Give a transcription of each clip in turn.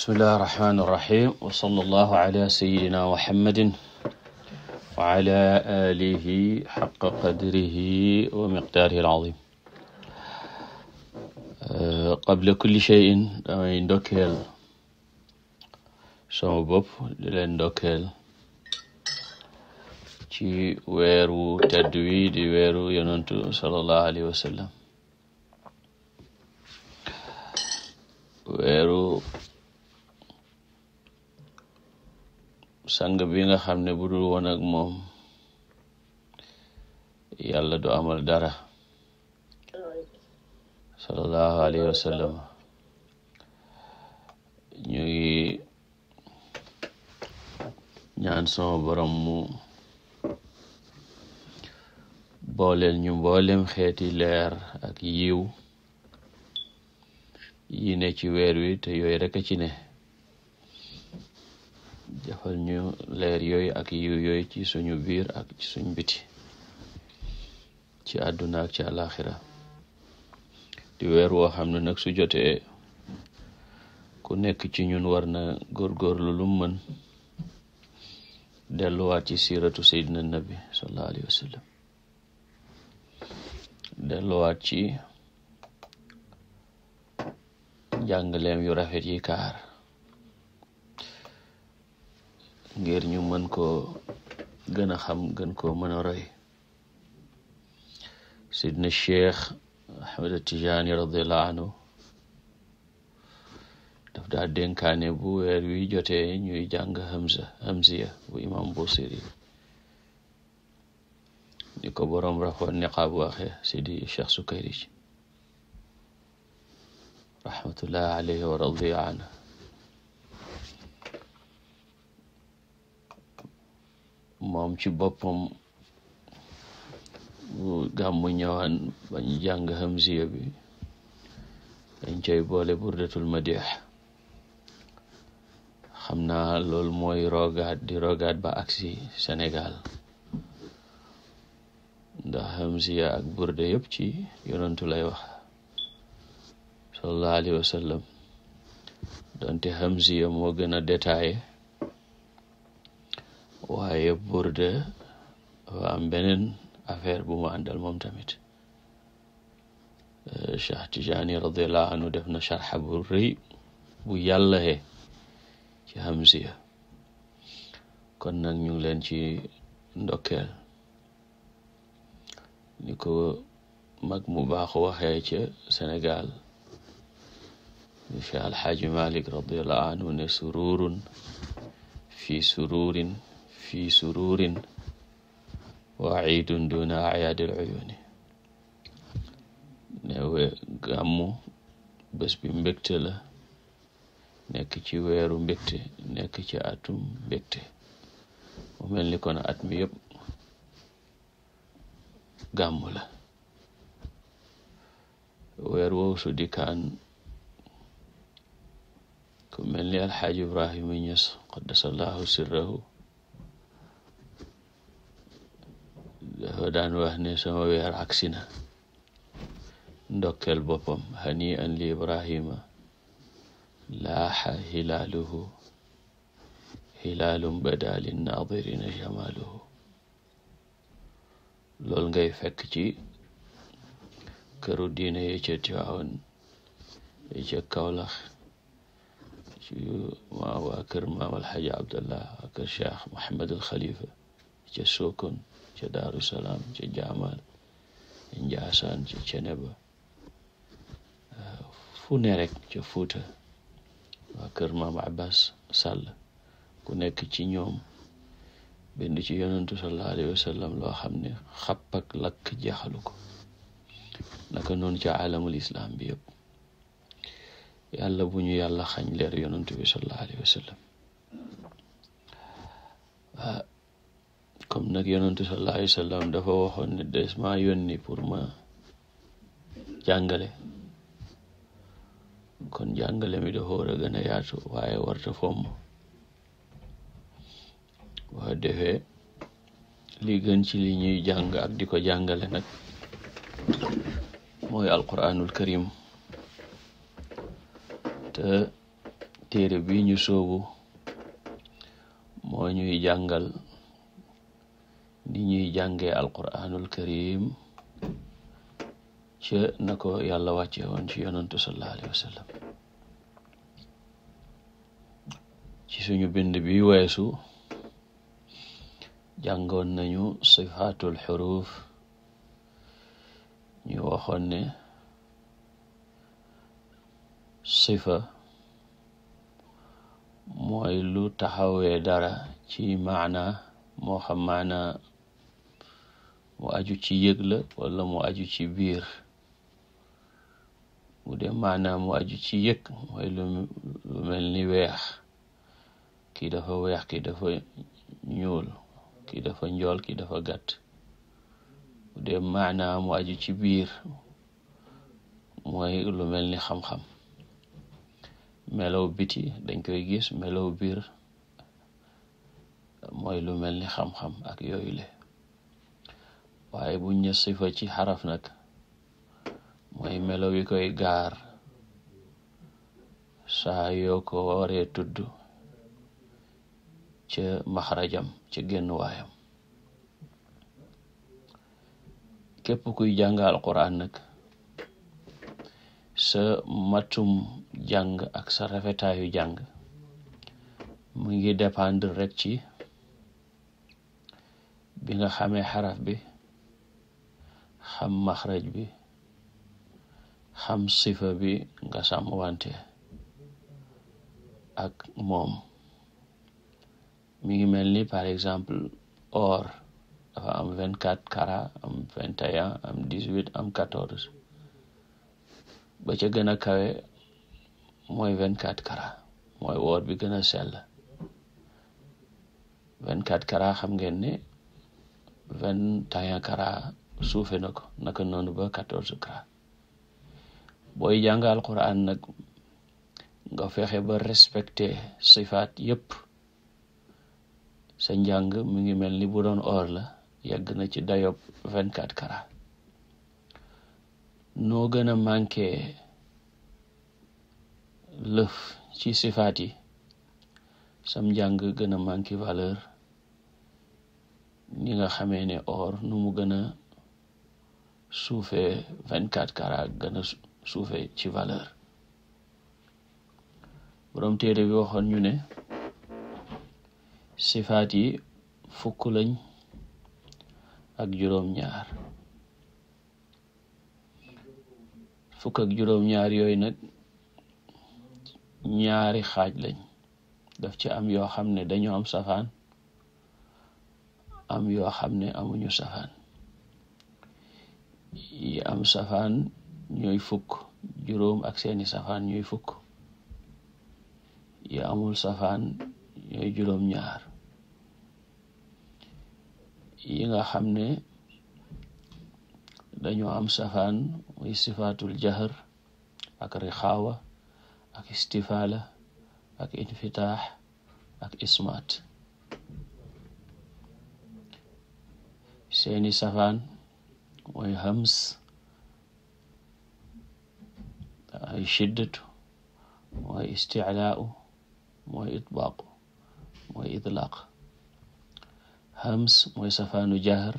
bismillahi irrahmani irrahim wasala allahu ala seyidina muhammadin wa ala alihi xaqa qadrihi wa miqdaarihi alazim euh, qabla kulli cheyin damay ndokkeel sama bopp di leen ndokkeel ci weeru tedd wi di weeru yonantu sallallahu alayhi wa sallam weeru sang bi nga xam ne bu dul moom yàlla du amal dara sallallahu alayhi wa sallam ñu ñaan sama borom mu booleel ñu mboolem xeeti leer ak yiw yine ci weer wi te yooyu rek a ci ne jafal ñu leer yooyu ak yiw yooyu ci suñu biir ak ci suñu biti ci àdduna ak ci àlaxira di weer woo xam ne nag su jotee ku nekk ci ñun war na góorgóorlu lu mën delluwaat ci siiratu seydina nabi sallallahu alayhi wa sallam delluwaat ci jàngaleem yu rafet yi kaar ngir ñu mën ko gën a xam gën koo mën a roy sidna cheikh ahmed tijaani radiallahu anhu daf daa dénkaane bu weer wi jotee ñuy jàng hamza hamziya bu imam busiri ni ko boroom rafoon niqaab waxe sidi cheikh sukayrij rahmatullah alayhi wa radiya anhu moom ci boppam gàmmu ñëwaan bañ jàng hamziya bi dañ cay boole burdatul madih xam na lool mooy rogaat di rogaat ba aksi Sénégal ndax hamziya ak burda yëpp ci yonantu lay wax sallallahu alayhi wa sallam donte hamziya moo gën a détaillé waaye Bourde beneen affaire bu mu àndal moom tamit euh, Cheikh Tijani radiallahu anhu def na sharxa bu rëy bu yàllahe ci Hamziya kon nag ñu leen ci ndokkeel ni ko mag mu baax waxee ca Sénégal Cheikh Alxaaji Malik radiallahu anhu ne sururun fi sururin fi sururin wa iidun duna ayaadil uyuuni newe gàmmu bés bi mbégte la nekk ci weeru mbégte nekk ci atum mbégte mu mel ni kon at mi yëpp gàmmu la weer woowu su dikaan ku mel ni alxaaji ibrahima ñes qaddasallahu sirrahu dafa daan wax ne sama weer agsi na ndokkel boppam hani li ibrahima laaxa hilaaluhu hilaalum bada linnadirina jamaluhu loolu ngay fekk ci këru diine yi ca Tiwaawan yi ca Kawlax ci waa kër maam alxaji abdallah waa kër cheikh mohamadul ca Sokone ca Daaru Salaam ca Jaamaan ca Njaasaan ca Ceneba fu ne ca Fuuta waa kër Abbas Sall ku nekk ci ñoom bind ci yonentu sallallahu loo xam ne xapp ak lakk jeexalu ko naka noonu ca alamul islam bi yëpp yàlla bu ñu yàlla xañ leer yonentu bi sallallahu alayhi wa comme nag yonentu sallallahu alayhi wa dafa waxoon ne des ma yónni pour ma jàngale kon jàngale mi dafa war a gën a yaatu waaye warta fomm waa defee li gën ci li ñuy jàng ak di ko jàngale nag mooy alquranul karim te téere bi ñu soobu moo ñuy jàngal di ñuy jàngee alquraanul karim ca na ko yàlla wàcce woon ci yonantu sallallahu alayhi suñu bind bi weesu jàngoon nañu sifaatul xuruuf ñu waxoon ne sifa mooy lu taxawee dara ci maana moo xam maana mu aju ci yëg la wala mu aju ci biir bu dee maanaam mu aju ci yëg mooy lu mel ni weex kii dafa weex kii dafa ñuul kii dafa njool kii dafa gàtt bu dee maanaam mu aju ci biir mooy lu mel ni xam-xam melaw biti dañ koy gis melaw biir mooy lu mel ni xam-xam ak yooyu le waaye buñ ne sifa ci xaraf nag mooy melo wi koy gaar saa yoo ko waree tudd ca maxrajam ci génn waayam képp kuy jàngal Alquran nag sa matum jàng ak sa rafetaayu jàng mu ngi dépendre rek ci bi nga xamee xaraf bi xam maxraj bi xam sifa bi nga sàmm wante ak moom mi ngi mel ni par exemple or dafa am vingt quatre carats am vingt et am dix huit am quatorze ba ca gën a kawe mooy vingt quatre carats mooy woor bi gën a vingt quatre carats xam ngeen ne vingt et un suufe na ko naka noonu ba quatorze cas booy jàng alquran nag nga fexe ba respecté sifaat yépp sa njàng mu ngi mel ni bu doon or la yegg na ci dayob vingt quatre carats noo gën a manqué lëf ci sifaat yi sam njàng gën a manqué valeur ni nga xame ne or nu mu gën a suufee vingt quatre carats gën suufee ci valeur borom téere bi waxoon ñu ne sifaat yi fukk lañ ak juróom-ñaar fukk ak juróom-ñaar yooyu nag ñaari xaaj lañ daf ci am yoo xam ne dañu am safaan am yoo xam ne amuñu safaan yi am safaan ñooy fukk juróom ak seeni safaan ñooy fukk yi amul safaan ñooy juróom ñaar yi nga xam ne dañoo am safaan muy sifaatul jahr ak rixaawa ak istifaala ak infitaax ak ismaat seeni safaan والهمس هي شدته وهي استعلاؤه mooy itbaaqu mooy itlaaq hams mooy safaanu jahar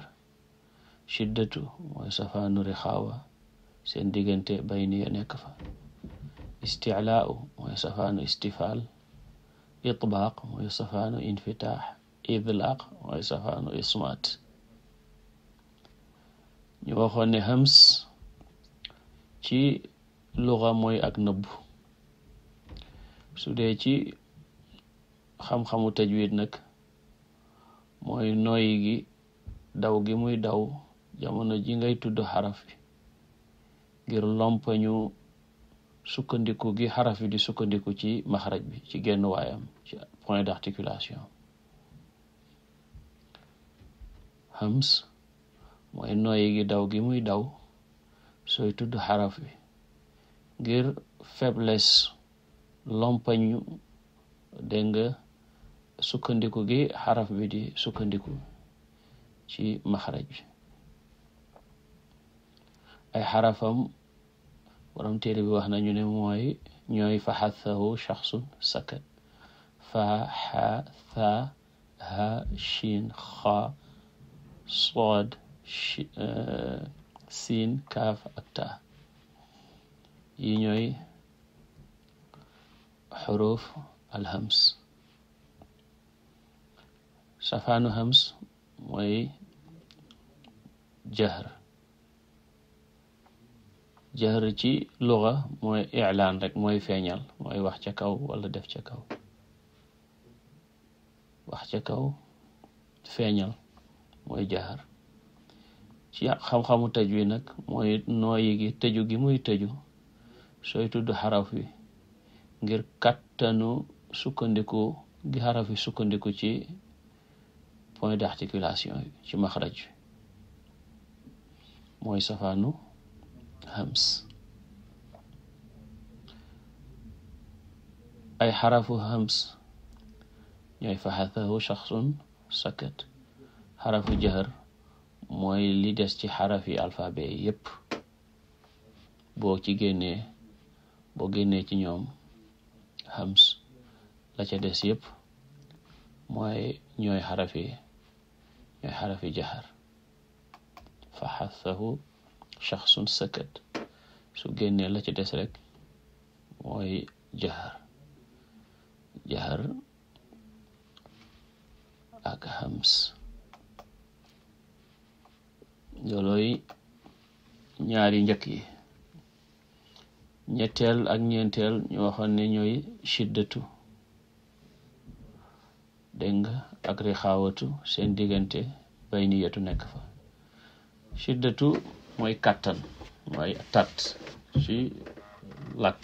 shiddatu mooy safaanu rixaawa seen diggante bayniya nekk fa safaanu istifaal itbaaq mooy safaanu infitaax itlaaq mooy safaanu ismaat ñu waxoon ne hams ci luxa mooy ak nëbb su dee ci xam-xamu wit nag mooy noyyi gi daw gi muy daw jamono ji ngay tudd xaraf bi ngir lompañu sukkandiku gi xaraf di sukkandiku ci maxraj bi ci genn waayam ci point d'articulation hams mooy nooyi gi daw gi muy daw sooy tudd xaraf bi ngir febles lompañu dégg nga sukkandiku gi xaraf bi di sukkandiku ci maxraj ay xarafam borom téere bi wax nañu ne mooy ñooy faxathahu shaxsun sakat fa xa tha ha shin xa sod E, siin kaaf ak taa yi ñooy xuruf alhams safaanu hams mooy jahr jahr ci luga mooy iclaan rek mooy feeñal mooy wax ca kaw wala def ca kaw wax ca kaw feeñal mooy jahr ci xam-xamu taj wi nag mooy nooyi gi tëju gi muy tëju sooy tudd xaraf wi ngir kàttanu sukkandiku gi xaraf wi sukkandiku ci point de yi ci maxraj bi mooy safaanu hams ay xarafu hams ñooy faxatahu shaxsun sakat xarafu jahar mooy li des ci xarafi alphabet yi yépp boo ci génnee boo génnee ci ñoom hams la des yépp mooy ñooy xarafi ñooy xarafi jaxar fa xasahu shaxsun sakat su génnee la ca des rek mooy jaxar jaxar ak hams loolooy ñaari njëkk yi ñetteel ak ñeenteel ñu waxoon ne ñooy shiddatu dégg nga ak rixaawatu seen diggante bay niyatu nekk fa shiddatu mooy kattan mooy tat ci làkk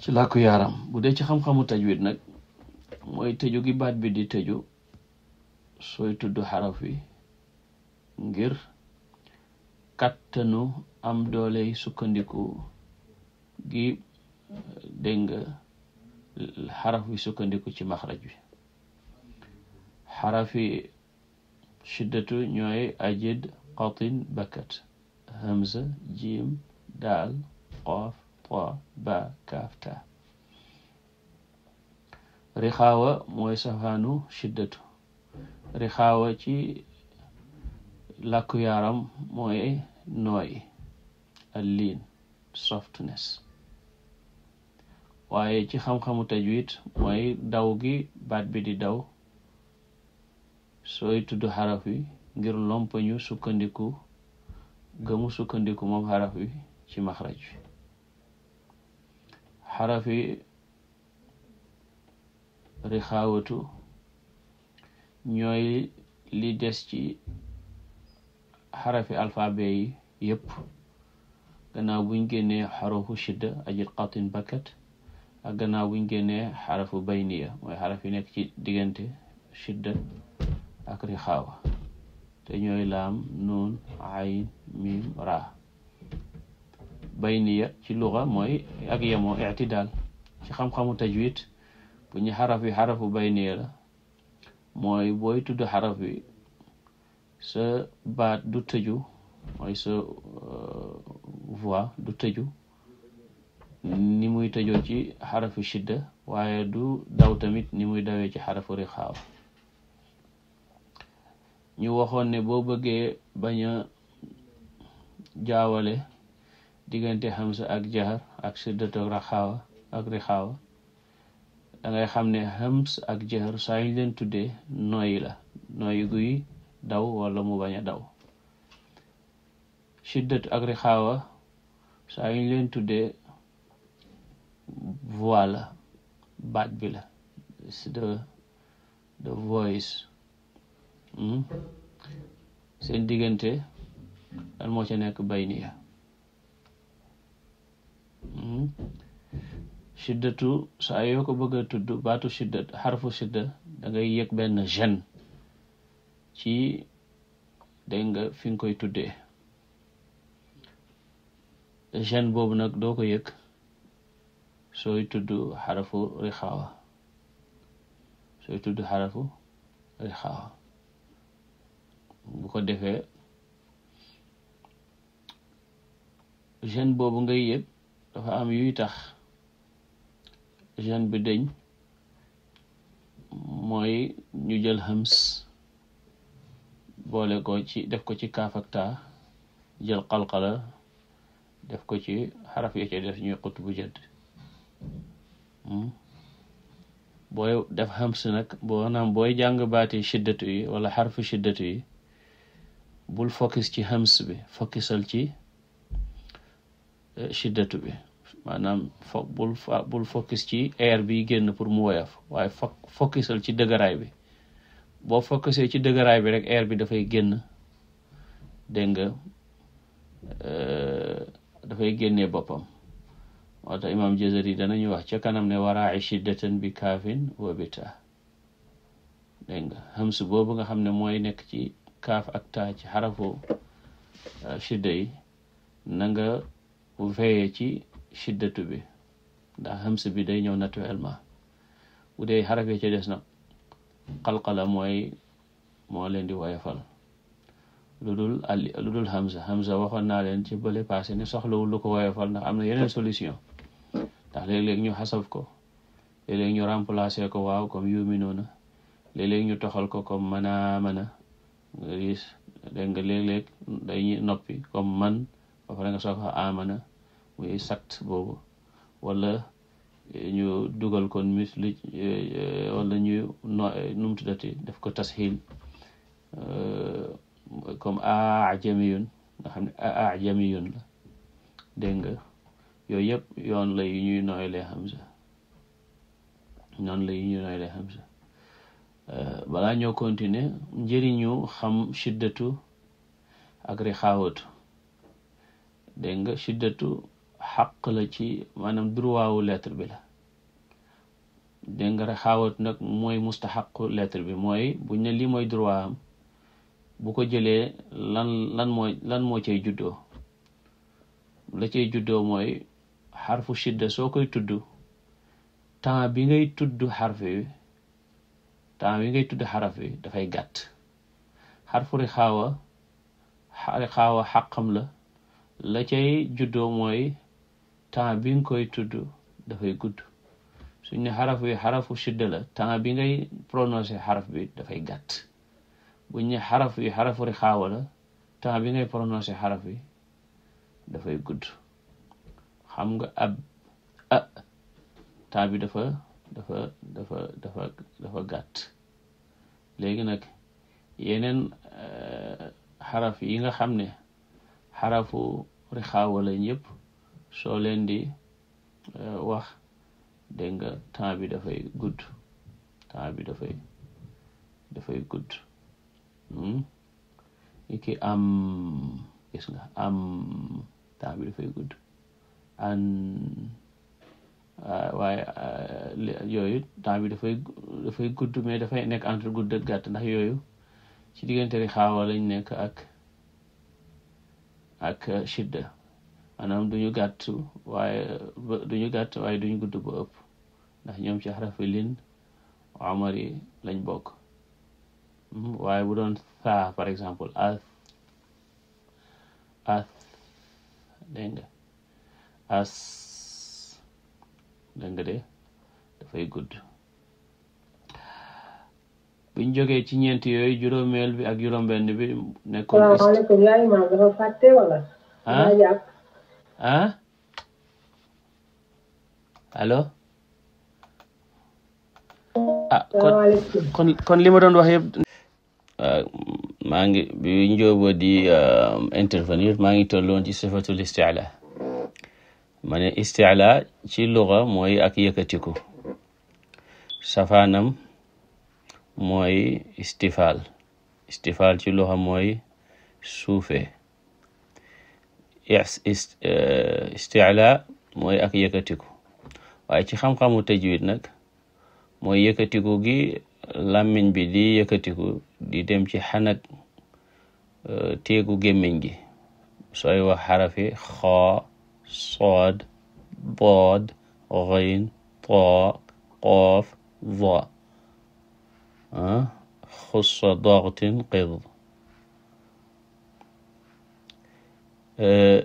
ci làkku yaaram bu dee ci xam-xamu wit nag mooy tëju gi baat bi di tëju sooy tudd xaraf wi ngir kàttanu am doole sukkandiku gi dégg nga xaraf wi sukkandiku ci maxraj bi xarafi shiddatu ñooy ajid qatin bakkat hamza jim daal qaaf ta ba kaaf ta mooy safaanu shiddatu rixaawa ci làkku yaram mooy nooy al liin softness waaye ci xam-xamu tajwid mooy daw gi baat bi di daw sooy tudd xaraf wi ngir lompañu sukkandiku gëmu sukkandiku moom xaraf wi ci maxraj wi xaraf wi rixaawatu ñooy li des ci xarafi alphabet yi yëpp gannaaw buñ génnee xarafu shidda ajit qatin bakkat ak gannaaw buñ génnee xarafu bayniya mooy xaraf yi nekk ci diggante shidda ak rixaawa te ñooy laam nuun ayn mim ra bayniya ci luga mooy ak yemoo ictidaal ci xam-xamu tajwid bu ñu xaraf xarafu bayniya la mooy booy tudd xaraf yi sa baat du tëju mooy sa euh, voix du tëju ni muy tëjoo ci xarafu shidda waaye du daw tamit ni muy dawee ci xarafu rixaaw ñu waxoon ne boo bëggee bañ a jaawale diggante hamza ak jahar ak shiddatu raxaawa ak rixaawa da xam ne hams ak jahar saa ñu leen tuddee nooyi la nooyi guy daw wala mu bañ a daw shiddatu ak rixaawa saa yu ñu leen tuddee voix la baat bi la hmm? seen diggante lan moo ca nekk bayni bayniya hmm? shiddatu saa yoo ko bëgg a tudd baatu shiddat xarfu shidda da ngay yëg benn gêne ci dégg nga fi nga koy tuddee gene boobu nag doo ko yëg sooy tudd xarafu rixaawa sooy tudd xarafu rixaawa bu ko defee gene boobu ngay yëg dafa am yuy tax gene bi deñ mooy ñu jël hams boole ko ci def ko ci kaaf jël qalqala def ko ci xaraf yi ci def ñuy xutbu jëdd hmm? booy def hams nag boo booy jàng baati shiddatu yi wala xarfu shiddatu yi bul focus ci hams bi focusal ci eh, shiddatu bi maanaam fo bul bul focus ci air bi génn pour mu woyof waaye fo focusal ci dëgëraay bi boo focusé ci dëgëraay bi rek air bi dafay génn dégg nga euh, dafay génne boppam moo tax imam Jazari danañu wax ca kanam ne waraa shiddatan bi kaafin wa bitaa dégg nga xams boobu nga xam ne mooy nekk ci kaaf ak taa ci xarafu euh, shidda yi na nga veeye ci shiddatu bi ndax xams bi day ñëw naturellement bu dee xaraf yi ca des nag qalqala mooy moo leen di woyofal lu dul ali lu dul Hamza Hamza waxoon naa leen ci bële passé ne soxlawul lu ko ndax am na yeneen solution ndax léeg-léeg ñu xasaf ko léeg-léeg ñu remplacer ko waaw comme yu'minuuna léeg-léeg ñu toxal ko comme mana mana nga gis dégg nga léeg-léeg dañuy noppi comme man ba pare nga soog a amana muy sakt boobu wala ñu dugal kon misli eh, wala ñu no eh, nu mu tuddati def ko tashil eh, comme ajamiyun nga xam ne ajamiyun la dégg nga yooyu yëpp yoon lay ñuy nooy lee xam sa la yu ñuy nooy balaa ñoo continuer njëriñu xam shiddatu ak rixaawatu dégg nga shiddatu xaq la ci maanaam droitu lettre bi la dégg nga xaawat nag mooy mustaxaqu lettre bi mooy buñ ne lii mooy droit am bu ko jëlee lan lan mooy lan moo cay juddoo la cay juddoo mooy xarfu shidda soo koy tudd temps bi ngay tudd xarf wi temps bi ngay tudd xaraf wi dafay gàtt xarfu ri xari xaawa xaqam la la cay juddoo mooy temps bi nga koy tudd dafay gudd su ne xaraf wi xarafu shidda la temps bi ngay prononcer xaraf bi dafay gàtt bu ne xaraf wi xarafu rixaawa la temps bi ngay prononcer xaraf wi dafay gudd xam nga ab a temps bi dafa dafa dafa gàtt léegi nag yeneen euh, xaraf yi nga xam ne xarafu rixaawa la ñëpp soo leen di euh, wax dégg nga temps bi dafay gudd temps bi dafay dafay gudd hmm? iki am gis am temps dafay gudd an euh, waaye euh, yooyu temps bi dafay dafay gudd mais dafay nekk entre gudd ak gàtt ndax yooyu ci diggante ri xaawa lañ nekk ak ak shidda maanaam duñu gàtt waaye duñu gàtt waaye gudd ba ëpp ndax ñoom ci xarafi lin omar yi lañ bokk hmm, waaye bu doon saa par exemple as as dégg nga as de dafay gudd biñ jógee ci ñeent yooyu juróomeel bi ak juróom benn bi nekkoon. salaamaaleykum yaay Hein allo ah kon kon li ma doon wax yëpp euh, maa ngi bi njóobo di euh, intervenir maa ngi tolloon ci sifatul isti'la ma ne isti'la ci luga mooy ak yëkkatiku safaanam mooy istifaal istifaal ci luga mooy suufe Euh, isticla mooy ak yëkkatiku waaye ci xam-xamu tajwid nag mooy yëkkatiku gi làmmiñ bi di yëkkatiku di dem ci xanag euh, teegu gémmiñ gi sooy wax xarafi xoo sood bood ghin too qoof va ah, xussa doxtin qid Eh,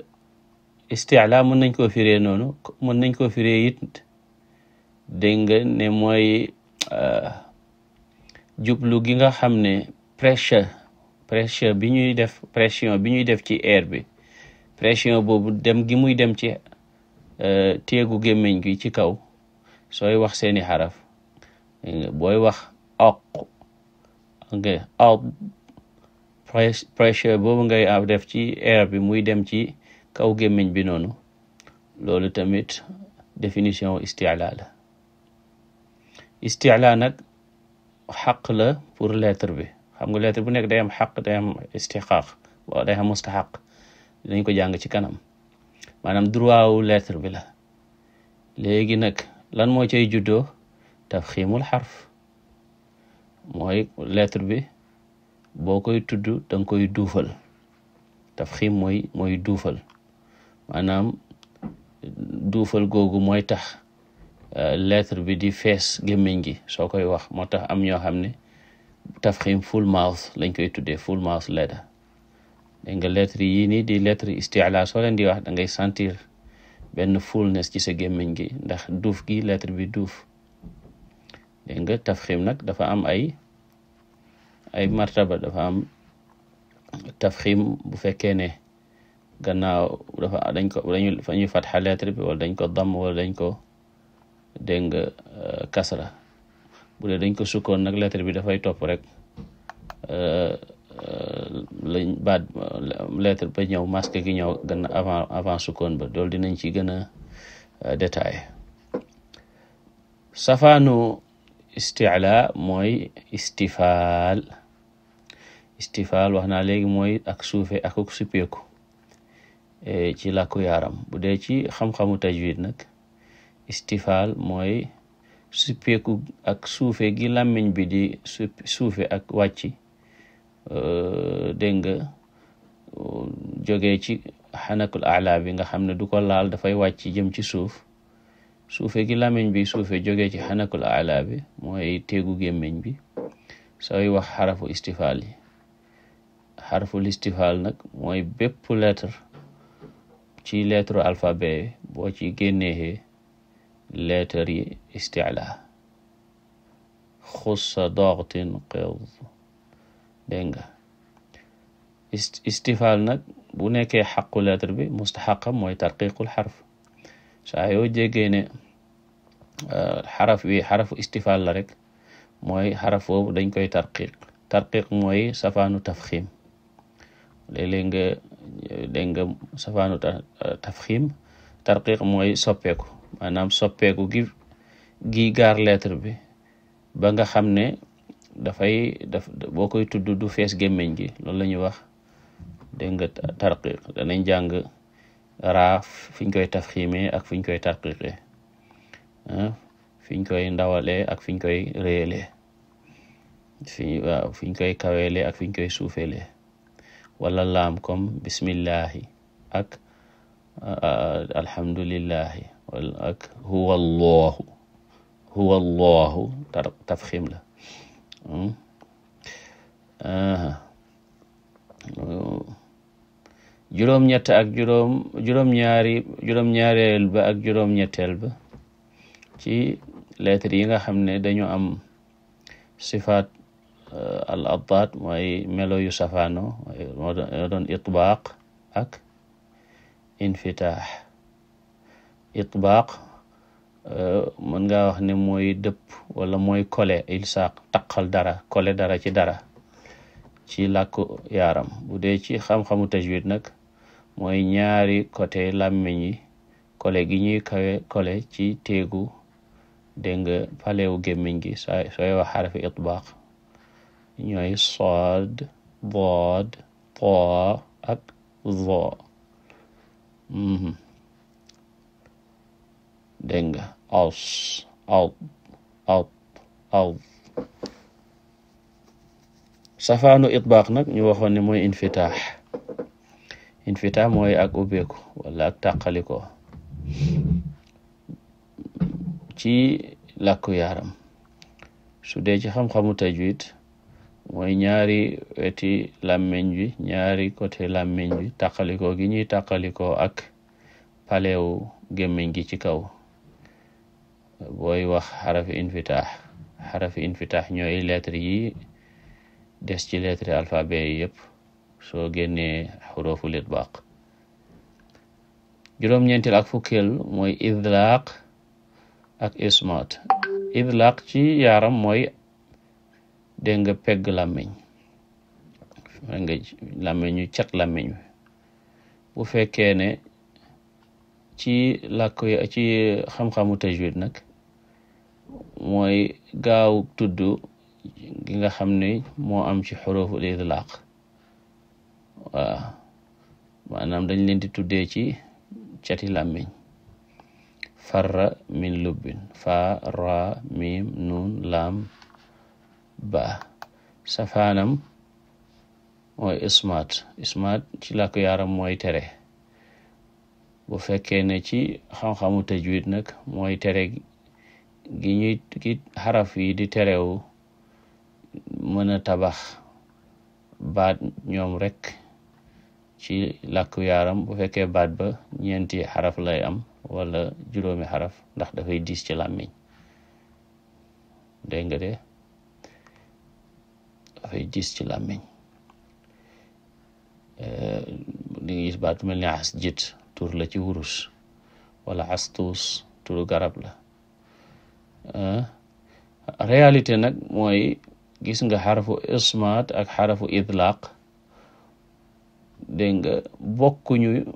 isti'la mën nañ koo firee noonu mën nañ koo firee it dégg nga ne mooy eh, jublu gi nga xam ne pressure pressure bi ñuy def pression bi ñuy def ci air bi pression boobu dem gi muy dem ci eh, téegu gémmiñ gi ci kaw sooy wax seeni xaraf dégg booy wax oq nga pressure boobu ngay def ci air bi muy dem ci kaw gémmiñ bi noonu loolu tamit definition istila la istila nag xaq la pour lettre bi xam nga lettre bu nekk day am xaq dayam am istixaaq waaw day am mustaxaq dinañ ko jàng ci kanam maanaam droit wu lettre bi la léegi nag lan mooy cay juddoo tafxiimul xarf mooy lettre bi boo koy tudd da koy duufal tafxiim mooy mooy duufal maanaam duufal googu mooy tax euh, lettre bi di fees gémmiñ gi soo koy wax moo tax am ñoo xam ne tafxiim full mouth lañ koy tuddee full mouth letter dégg nga lettre yii nii di lettre isti'la soo leen di wax da ngay sentir benn fullness ci sa gémmiñ gi ndax duuf gi lettre bi duuf dégg nga tafxiim nag dafa am ay ay martaba dafa am tafxim bu fekkee ne gannaaw dafa dañ ko fa ñuy fatxa lettre bi wala dañ ko damm wala dañ ko dégg nga euh, kasra bu dañ ko sukkoon nag lettre bi dafay topp rek euh, euh, lañ baat ñëw masque gi ñëw gën avant avant sukkoon ba doolu dinañ ci gën a détaillé safaanu isticla mooy istifaal istifaal wax naa léegi mooy ak suufe akuk suppeeku e, ci lakku yaram bu dee ci xam-xamu tajwid nag istifaal mooy suppeeku ak suufe gi làmmiñ bi di suufe ak wàcci e, dégg nga jógee ci xanakul ala bi nga xam ne du ko laal dafay wàcc jëm ci suuf suufee gi làmmiñ bi suufe jógee ci xanakul ala bi mooy téegu gémmiñ bi sooy wax xarafu istifaal xarful istifaal nag mooy bépp lettre ci lettre alphabet boo ci génnee lettre yi istila xussa doxtin xew dégg nga istifaal nag bu nekkee xaqu lettre bi mustaxaqam mooy tarqiqul xarf saa yoo jégee ne euh, xaraf wi xarafu istifaal la rek mooy xaraf boobu dañ koy tarqiq tarqiq mooy safaanu tafxiim léeg-léeg nga dégg nga safaanu tafxim tarqiq mooy soppeeku maanaam soppeeku gi gi gaar lettre bi ba nga xam ne dafay daf boo koy tudd du fees gémmiñ gi loolu la ñuy wax dégg nga tarqiq danañ jàng raa fiñ koy tafximee ak fiñ koy tarqiqee fiñ koy ndawale ak fiñ koy réelee fi waaw fiñ koy kaweelee ak fiñ koy suufeelee wala laam comme bismillahi ak uh, alhamdulillahi wala ak huwa allahu huwa allahu tafxim la hmm? uh-huh. juróom-ñett ak juróom ñaari juróom-ñaareel ba ak juróom-ñetteel ba ci lettre yi nga xam ne dañu am sifaat al addaat mooy melo yu safaano moo doon itbaaq ak infitaax itbaaq euh, mën nga wax ne mooy dëpp wala mooy kole ilsaaq taqal dara kole dara ci dara ci lakku yaram bu dee ci xam-xamu tajwid nag mooy ñaari côté làmmiñ yi kole gi ñuy kawe kole ci teegu dégg nga palewu gémmiñ gi sooy wax xarafi itbaaq ñooy sood bood poo ak zoo dégg nga aus aw aw safaanu itbaaq nag ñu waxoon ne mooy infitaax infitaax mooy ak ubbeeku wala ak tàqaliko ci làkku yaram su dee ci xam-xamu tajwid mooy ñaari weti làmmiñ bi ñaari côté làmmiñ bi tàqalikoo gi ñuy tàqalikoo ak palewu gémmiñ gi ci kaw booy wax xarafi infitaax xarafi ñooy lettre yi des ci lettre alphabet yi yëpp soo génnee xuruful itbaaq juróom-ñeentil ak fukkeel mooy idlaaq ak ismaat idlaaq ci yaaram mooy dégg nga pegg làmmiñ nga làmmiñu cat làmmiñ bu fekkee ne ci làkk ci xam-xamu tajwid nag mooy gaaw tudd gi nga xam ne moo am ci xuruful idlaaq waaw maanaam dañ leen di tuddee ci cati làmmiñ farra min lubbin fa ra mim nun laam ba safaanam mooy ismaat ismaat ci lakk yaram mooy tere bu fekke ne ci xam-xamu tajwid nag mooy tere gi ñuy ki xaraf yi di terewu mën a tabax baat ñoom rek ci làkku yaram bu fekkee baat ba ñeenti xaraf lay am walla juróomi xaraf ndax dafay diis ci làmmiñ dégg de dafay gis ci làmmiñ eh, li nga gis baat mel ni as jit tur la ci wurus wala astuus tur garab la eh, réalité nag mooy gis nga xarafu ismaat ak xarafu idlaaq dégg nga bokkuñu eh,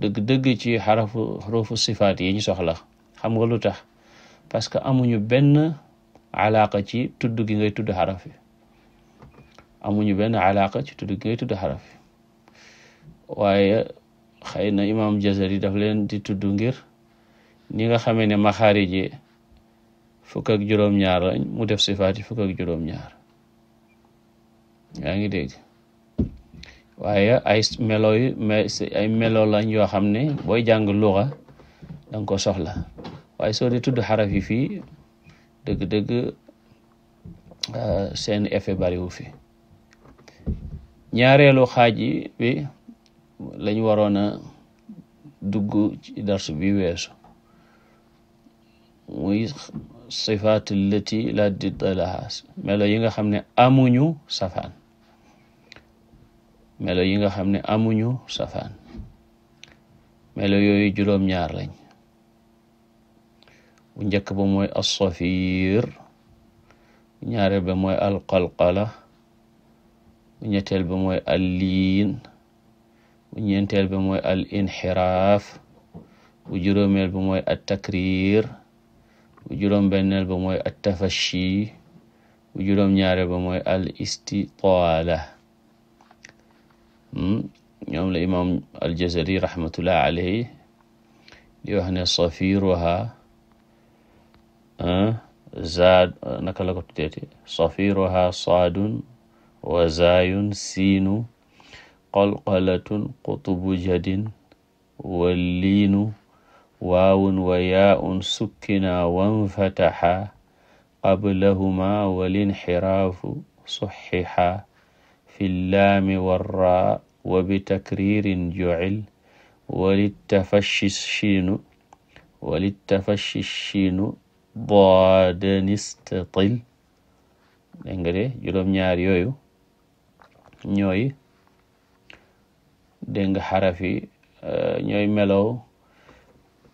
dëgg-dëgg ci xarafu xurufu sifaat yi ñu soxla xam nga lu tax parce que amuñu benn alaaqa ci tudd gi ngay tudd xaraf amuñu benn alaaka ci tudd ngay tudd xaraf waaye xëy na imaam Jazari daf leen di tudd ngir ni nga xamee ne maxaarij yi fukk ak juróom-ñaar mu def sifaat yi fukk ak juróom-ñaar yaa ngi dégg waaye ay melo yu ay lañ yoo xam ne booy jàng luxa dang ko soxla waaye soo di tudd xaraf yi fii dëgg-dëgg ah, seen effet bariwu fi ñaareelu xaaj bi lañ waroon a dugg ci darsu bi weesu muy sifaatu lati la didda laha melo yi nga xam ne amuñu safaan melo yi nga xam ne amuñu safaan melo yooyu juróom-ñaar lañ bu njëkk ba mooy assafiir ñaareel ba mooy alqalqala bu ñetteel ba mooy al liin ñeenteel ba mooy al inxiraaf bu juróomeel ba mooy at takrir ba mooy at tafashi bu ba mooy al istitaala hmm? ñoom la imaam al jazari rahmatullah alayhi di wax ne safiruha ah, zaad naka la ko tuddeeti safiruha saadun wazaayun siinu qalqalatun qutubu jadin walliinu waawun wa yaa'un sukkinaa wanfataxaa qablahumaa walinxiraafu suxixaa fi llaami warraa wa bitakriirin jucil walittafashi shiinu walittafashi shiinu daadan istatil dégg nga de juróom-ñaar yooyu ñooy dégg nga xaraf yi euh, ñooy melow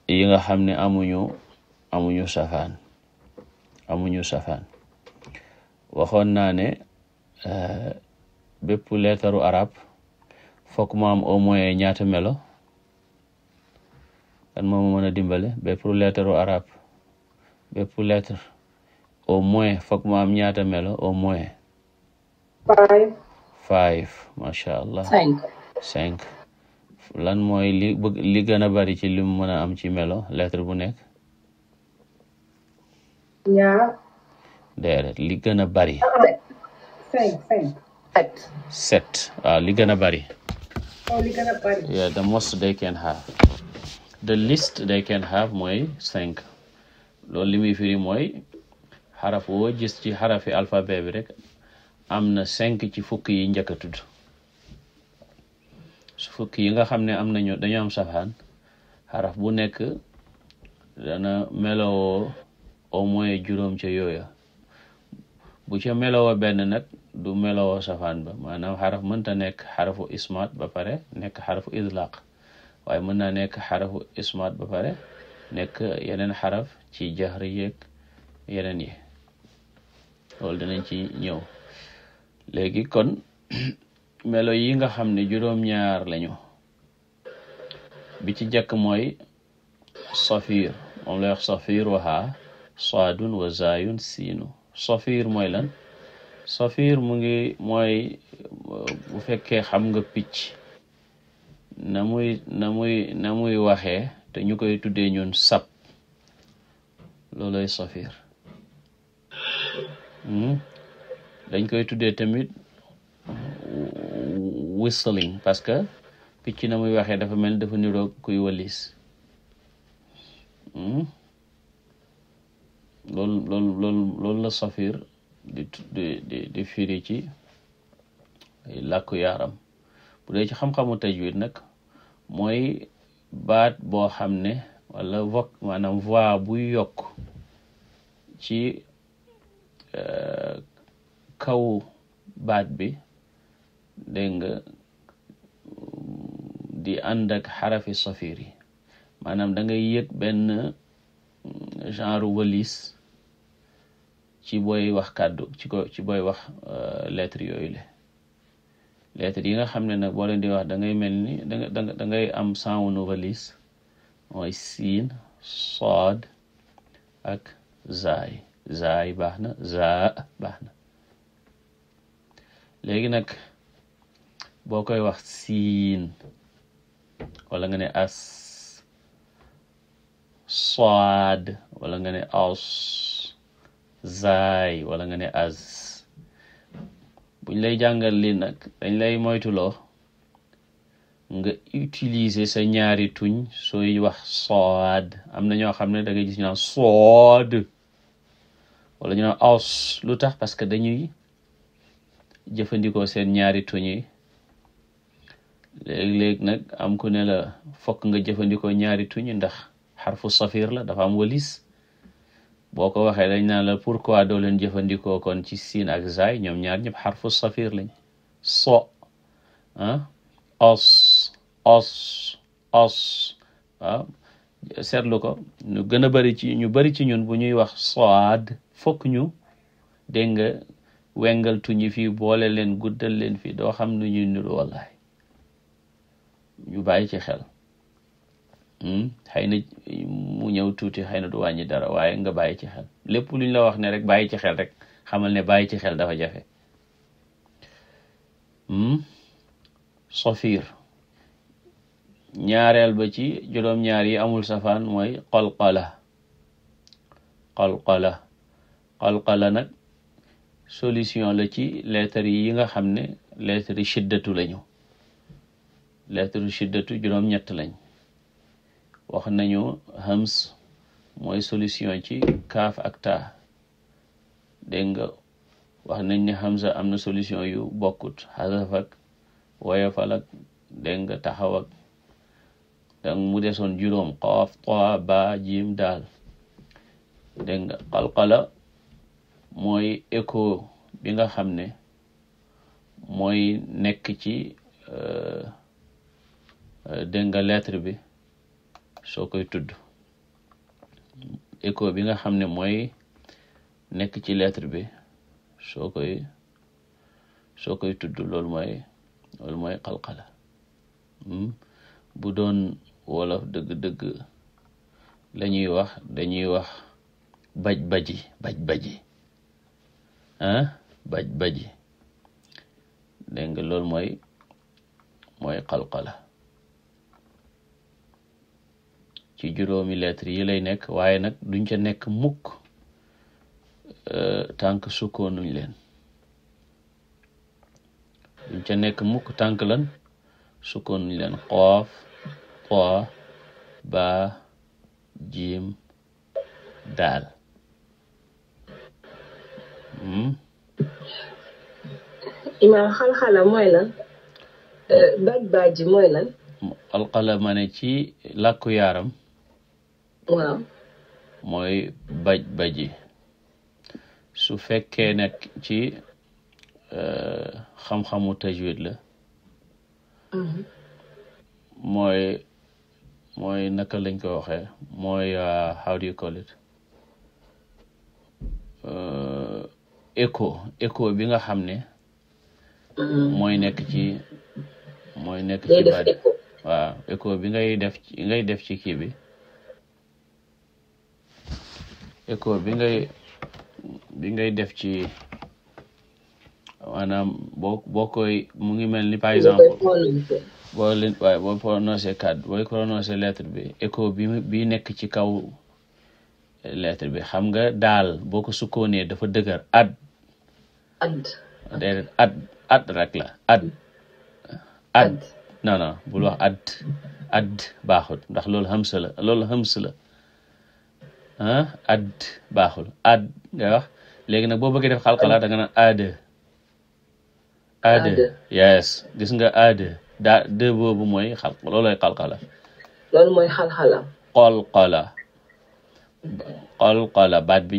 yi nga xam ne amuñu amuñu safaan amuñu safaan waxoon naa ne euh, bépp leetaru arab fokk mu am au moins ñaata melo kan moom mën a dimbale bépp leetaru arab bépp lettre au moins fokk am ñaata melo au moins five macha allah cinq cinq lan mooy li gën a bari ci limu mën am ci melo lettre bu nekk ñaar li gën a bari set waaw ah, oh, li gën a bari yeah the most they can have the least they can have mooy cinq loolu li muy firi mooy xaraf woo gis ci xarafi alphabet bi rek am na cinq ci fukk yi njëkk a tudd su fukk yi nga xam ne am nañu dañu am safaan xaraf bu nekk dana melowoo au moins juróom ca yooya bu ca melowoo benn nag du melowoo safaan ba maanaam xaraf mënta nekk xarafu ismaat ba pare nekk xarafu idlaq waaye mën naa nekk xarafu ismaat ba pare nekk yeneen xaraf ci jaxri yeeg yeneen yi loolu dinañ ci ñëw léegi kon melo yi nga xam ne juróom-ñaar lañu bi ci jëkk mooy safir moom lay wax safir wahaa saadun wa siinu safir mooy lan sofir mu ngi mooy bu fekkee xam nga picc na muy na muy na muy waxee te ñu koy tuddee ñun sab looloy safir hmm? dañ koy tuddee tamit whistling parce que picc na muy waxee dafa mel dafa niroog kuy walis hmm? loolu la sofiir di di di firi ci làkku yaram bu dee ci xam-xamu tajwid nag mooy baat boo xam ne wala vok maanaam voix buy yokk ci euh, kaw baat bi dégg nga di ànd ak xarafi safiir yi maanaam da ngay yëg benn mm, genre walis ci booy wax kàddu ci ci booy wax euh, lettre yooyu le lettre yi nga xam ne nag boo leen di wax dangay mel ni da da ngay am sanwunu walis mooy siin sood ak zaay zaay baax na zaa baax na léegi nag boo koy wax siin wala nga ne as saad wala nga ne as zaay wala nga ne az buñ lay jàngal li nag dañ lay moytuloo nga utiliser sa ñaari tuñ sooy wax soad am na ñoo xam ne da ngay gis ñu naan wala ñu as lu tax parce que dañuy jëfandikoo seen ñaari tuñ yi léeg nag am ku ne fokk nga jëfandikoo ñaari tuñ ndax xarfu safir la dafa am walis boo ko waxee dañ naan la pourquoi doo leen jëfandikoo kon ci siin ak zaay ñoom ñaar ñëpp xarfu safir lañ soo ah os os os waaw seetlu ko ñu gën a bari ci ñu bari ci ñun bu ñuy wax soad fokk ñu dégg wengal tuñu fi boole leen guddal leen fii doo xam nu ñuy nuru wallahi ñu bàyyi ci xel hmm? xëy na mu ñëw tuuti xëy na du wàññi dara waaye nga bàyyi ci lépp luñ la wax ne rek bàyyi ci xel rek xamal ne bàyyi ci xel dafa jafe hmm? safir ñaareel ba ci juróom-ñaar yi amul safaan mooy qalqala qalqala qalqala nag solution la ci leetar yi nga xam ne leetari shiddatu lañu leetaru shiddatu juróom-ñett lañ wax nañu hams mooy solution ci kaaf ak taa dégg wax nañ ne hamza am na solution yu bokkut xasaf ak woyofal ak dégg nga taxaw dang mu desoon juróom xoof xooa ba jiim daal dégg nga mooy écho bi nga xam ne mooy nekk ci euh, euh, dégg nga lettre bi soo koy tudd écho bi nga xam ne mooy nekk ci lettre bi soo koy soo koy tudd loolu mooy loolu mooy qalqala hmm? bu doon wolof dëgg-dëgg la ñuy wax dañuy wax baj-baji baj-baji ah baj baji dégg nga loolu mooy mooy qalqala ci juróomi lettre yi lay nekk waaye nag duñ ca nekk mukk euh, tànk sukkoonuñ leen duñ ca nekk mukk tànk lan sukkoonuñ leen xoof xoo ba jiim daal imaam xal mooy lan baaj euh, baaj ji mooy lan xalxala ma ne ci làkku yaaram mooy baj baji su fekkee nekk ci euh, xam-xamu tajwid la mhm. mooy mooy naka lañ ko waxee mooy euh, how écho écho bi nga xam ne mm-hmm. mooy nekk ci mooy nekk ci baat waaw écho bi ngay def ci ngay def ci kii bi écho bi ngay bi ngay def ci maanaam boo boo koy mu ngi mel ni par exemple boo leen waaye boo prononcé kàddu booy prononcé bi écho bi bi nekk ci kaw lettre bi xam nga daal boo ko sukkoonee dafa dëgër at add déedéet add rek la add add non add ah, add baaxul ndax loolu hamsa la loolu la ah add baaxul add ngay nag boo bëggee def xalqala da nga naan add add yes gis nga add daa de boobu mooy xalq loolooy xalqala loolu mooy xalqala xolqala qalqala baat bi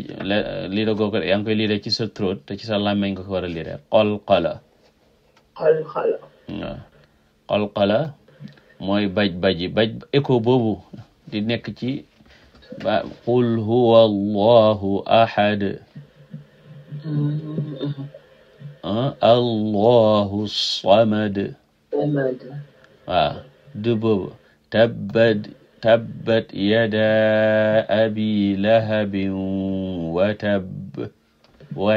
liira googu yaa ngi koy liire ci sa tróot te ci sa làmmeñ nga ko war a liire qalqala qalqala waaw qalqala mooy baj baji baj écho boobu di nekk ci ba qul huwa ah, allahu ahad allahu samad waaw du boobu tabbad tabbat yada abi lahabin wa tab wa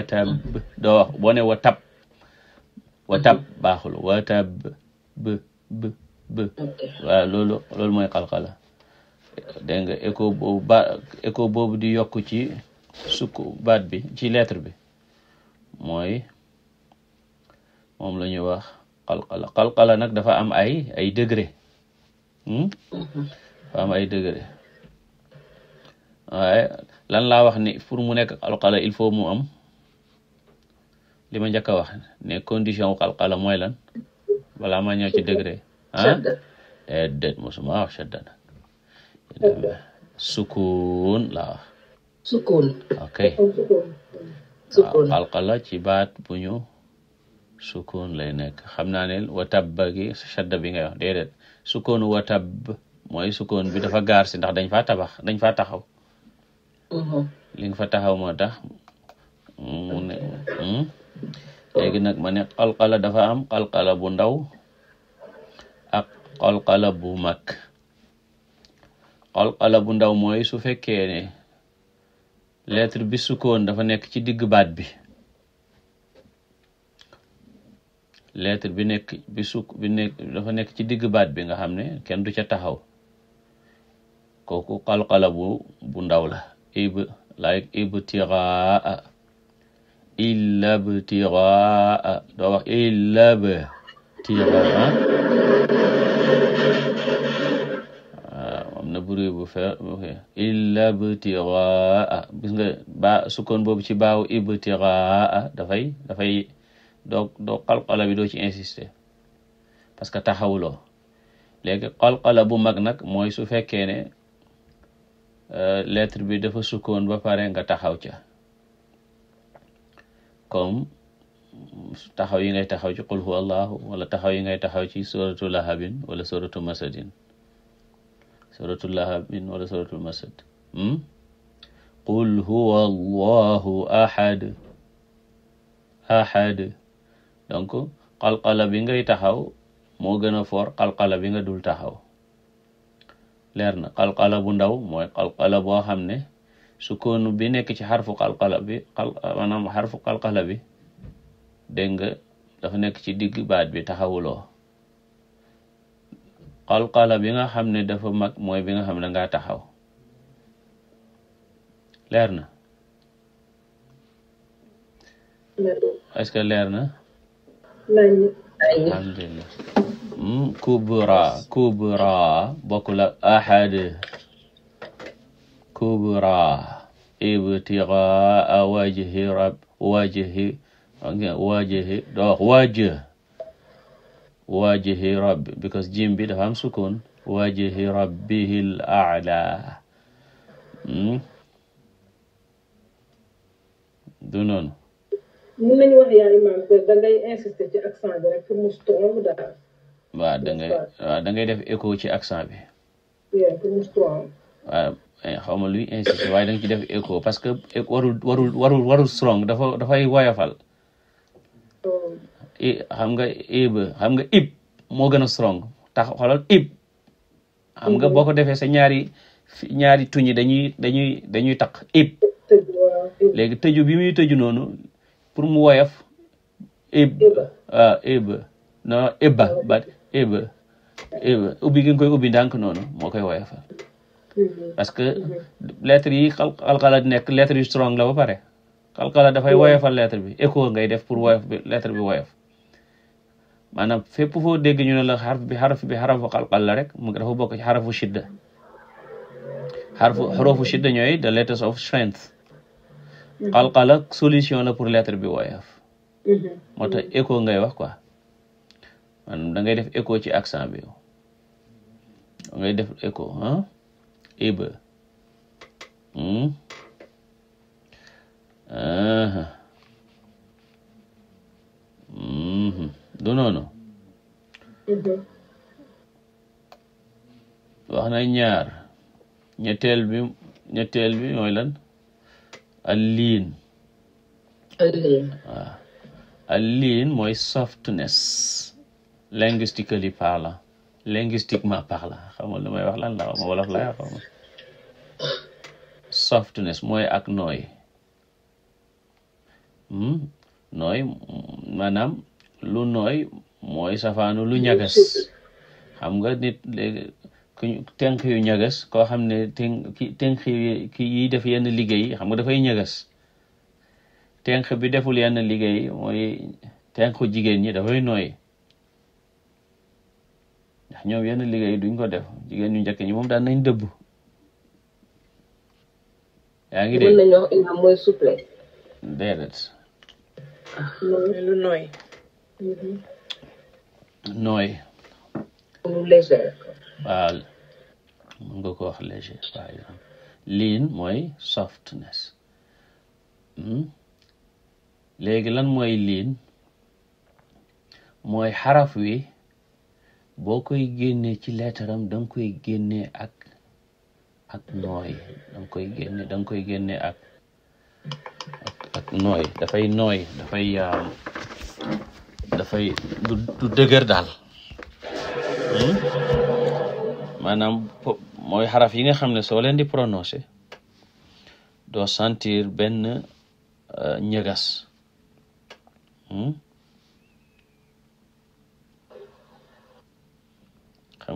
b b b loolu mooy xalxala dégg nga boobu di yokk ci sukk baat bi ci lettre bi mooy moom la ñuy wax xalxala xalxala dafa am ay ay degré hmm? mhm. fa am ay degré waaye lan laa wax ni pour mu nekk xalqala il faut mu am lima ma njëkk a wax ne condition wu xalqala mooy lan balaa ma ci degré ah eh, déet mosuma wax shadda nag sukuun laa wax sukuun ok waaw ci baat bu ñu lay nekk xam naa ne watab gi shadda bi ngay wax déedéet sukuun watab mooy sukkoon bi dafa gaar si ndax dañ faa tabax dañ faa taxaw uh-huh. li fa taxaw moo tax mu hmm? léegi nag ma ne qalqala dafa am qalqala bu ndaw ak qalqala bu mag qalqala bu ndaw mooy su fekkee ne lettre bi sukkoon dafa nekk ci digg baat bi lettre bi nekk bi suk dafa nekk ci digg baat bi nga xam ne kenn du ca taxaw kooku qalqala bu bu ndaw la ib like ibtiraa illabtiraa doo wax illabtiraa am na buri bu fe illabtiraa bis nga ba sukkoon boobu ci baaw ibtiraa dafay dafay doo doo qalqala bi doo ci insister parce que taxawuloo léegi qalqala bu mag nag mooy su fekkee Euh, lettre bi dafa sukkoon ba pare nga taxaw ca comme taxaw yi ngay taxaw ci qul huwa allahu wala taxaw yi ngay taxaw ci suratu lahabin wala suratu masadin suratu lahabin wala suratu masad hmm? qul huwa allahu ahad donc qalqala bi ngay taxaw moo gën a foor qalqala bi nga dul taxaw leer na qalqala bu ndaw mooy qalqala boo xam ne sukoon bi nekk ci xarfu qalqala bi bi dégg nga dafa nekk ci digg baat bi taxawuloo qalqala bi xam ne dafa mag mooy bi nga xam ne ngaa taxaw leer na que leer na kubra kubra bokkul ak ahad kubra ibtigaa wajhi rab wajhi wajhi doo wax wajhi wajhi rabbi because jim bi dafa am sukun wajhi rabbihil a'la hmm? du yaa imaam da ngay insister ci accent bi mu strong waaw da da ngay def écho ci accent bi. waaw eh, xaw ma luy insisté ci def écho parce que warul warul warul warul dafa dafay woyofal. Oh. xam nga ib xam nga ib moo gën a strong tax xoolal ib. xam nga boo ko defee sa ñaari ñaari tuñi dañuy dañuy dañuy taq ib. léegi tëju bi muy tëju noonu pour mu woyof ib. waaw ah, ib oh, eba eba ubbi gi nga koy ubbi ndànk noonu moo koy woyofal mm-hmm. parce que mm-hmm. lettre yi xalxala nekk lettre yu strong la ba pare xalxala dafay woyofal lettre bi écho ngay def pour woyof bi lettre bi woyof maanaam fépp foo dégg ñu ne la xarf bi xaraf bi xarafu xalxal rek mu dafa bokk ci xarafu shidda xarfu xorofu shidda ñooy the letters of strength mm-hmm. xalxala solution la pour lettre bi woyof moo tax écho ngay wax quoi maanaam def écho ci accent bi da ngay def écho hmm? ah iba hmm. du noonu wax na ñaar ñetteel bi ñetteel bi mooy lan alliin mooy softness linguistically parlant linguistiquement parlant xamul lu may wax lan la xawma wolof lay xawma softness mooy ak nooy hmm? nooy maanaam lu nooy mooy safaanu lu ñagas xam nga nit léegi yu ñagas koo xam ne tënk ki tënk def yenn liggéey xam nga dafay ñagas tënk bi deful yenn liggéey mooy tënku jigéen ñi dafay nooy ñoom yenn liggéey duñ ko def jigéen ñu njëkk ñi moom daan nañ dëbb yaa ngi dégg mën nañoo imaam mooy ah. lu nooy nooy nga ko wax léger waaw mooy softness hmm? léegi lan mooy lean mooy xaraf wi boo koy génnee ci leetaram da koy génnee ak ak nooy da nga koy génne da koy génne ak ak ak dafay nooy dafay um, dafay du dëgër daal hmm? maanaam mooy xaraf yi nga xam ne soo leen di prononcer doo sentir benn uh, ñëgas hmm?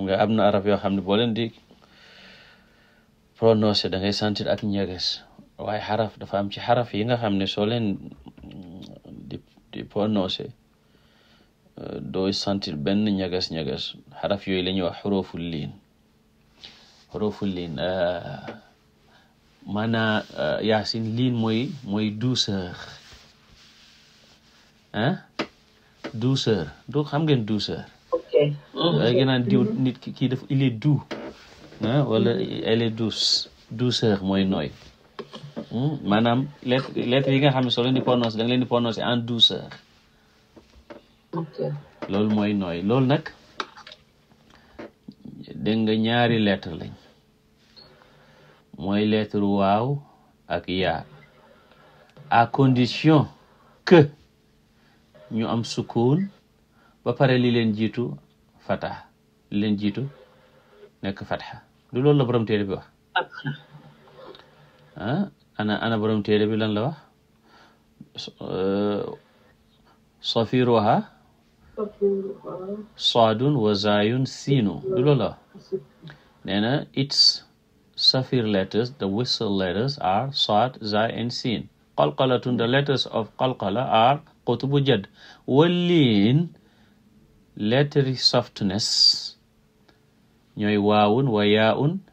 xam am na arab yoo xam ne boo leen di prononcé da ngay sentir ak ñeges waaye xaraf dafa am ci xaraf yi nga xam ne soo leen di di prononcé euh, dooy sentir benn ñeges ñeges xaraf yooyu la ñuy wax xuruful liin xuruful yasin euh, maanaa euh, liin mooy mooy douceur ah douceur xam ngeen douceur waaye nga naan diw nit ki kii dafa il est doux ah wala elle mooy nooy hmm, maanaam lettre yi nga xam ne soo leen di prononcé da nga en douceur loolu mooy nooy loolu nag dégg nga ñaari lettre lañ mooy lettre waaw ak yaa à condition que ñu am sukun ba pare li leen jiitu fataha li leen jiitu nekk fatha du loolu la borom téere bi wax ah ana ana borom téere bi lan la wax uh, safiruha saadun wa zaayun siinu du loolu la wax letters are saad zaa and siin the letters of qalqala are qutbu jad walliin letteri softness ñooy waawun wa yaaun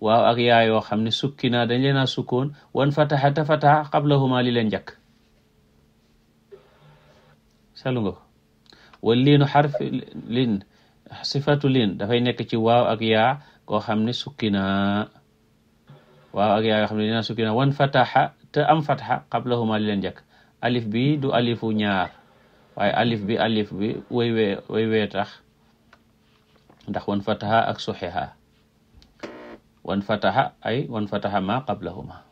waaw ak yoo xam ne sukkinaa dañ leen a sukkoon wan fataxa te fataxa xablahuma li leen njëkk salu nga xarfi lin sifatu lin dafay nekk ci waaw ak koo xam ne sukkinaa waaw ak yaa yoo xam ne leen wan fataxa te am fataxa xablahuma li leen njëkk alif bi alifu ñaar ay alif bi alif bi way wee way tax ndax wan fataha ak suxiha wan fataha ay wan fataha ma qablahuma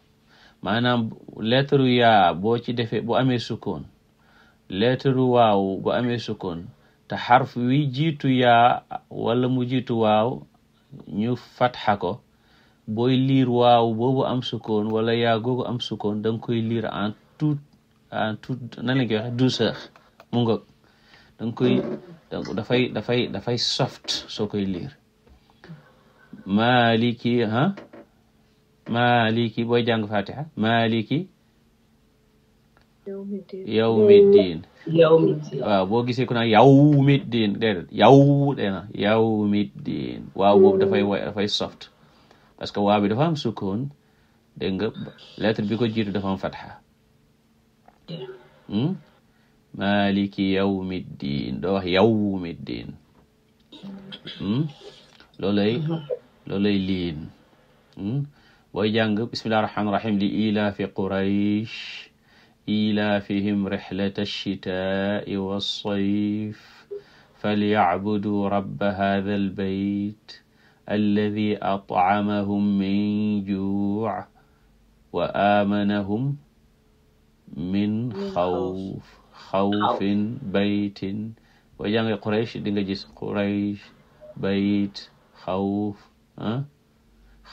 maanaam lettre yaa boo ci defee bu amee sukkoon lettre waaw bu amee sukkoon te xarf wi jiitu ya wala mu jiitu waaw ñu fatxa ko booy liir waaw boobu am sukkoon wala yaa googu am sukkoon da nga koy liir en tout en tout nan la mu ngoog dafay dafay dafay soft soo koy liir maliki ha maliki booy jàng fatiha maliki boo gisee ku yaw dee na yawmi diin waaw boobu dafay dafay soft parce que waaw bi dafa am sukkoon dégg jiitu dafa am maliki yawmi ddin doo wax yawmi ddin hmm? loolay mhm. loolay liin hmm? booy jàng bismillahi rahmaani rahim li ilaafi quraysh ilaafihim rixlata alchitaai walsayf falyacbuduu rabba haada albeyt alladi atcamahum min juuc wa aamanahum min xawf xawfin baytin boo jàngee Quraysh di nga gis Quraysh bayt xawf ah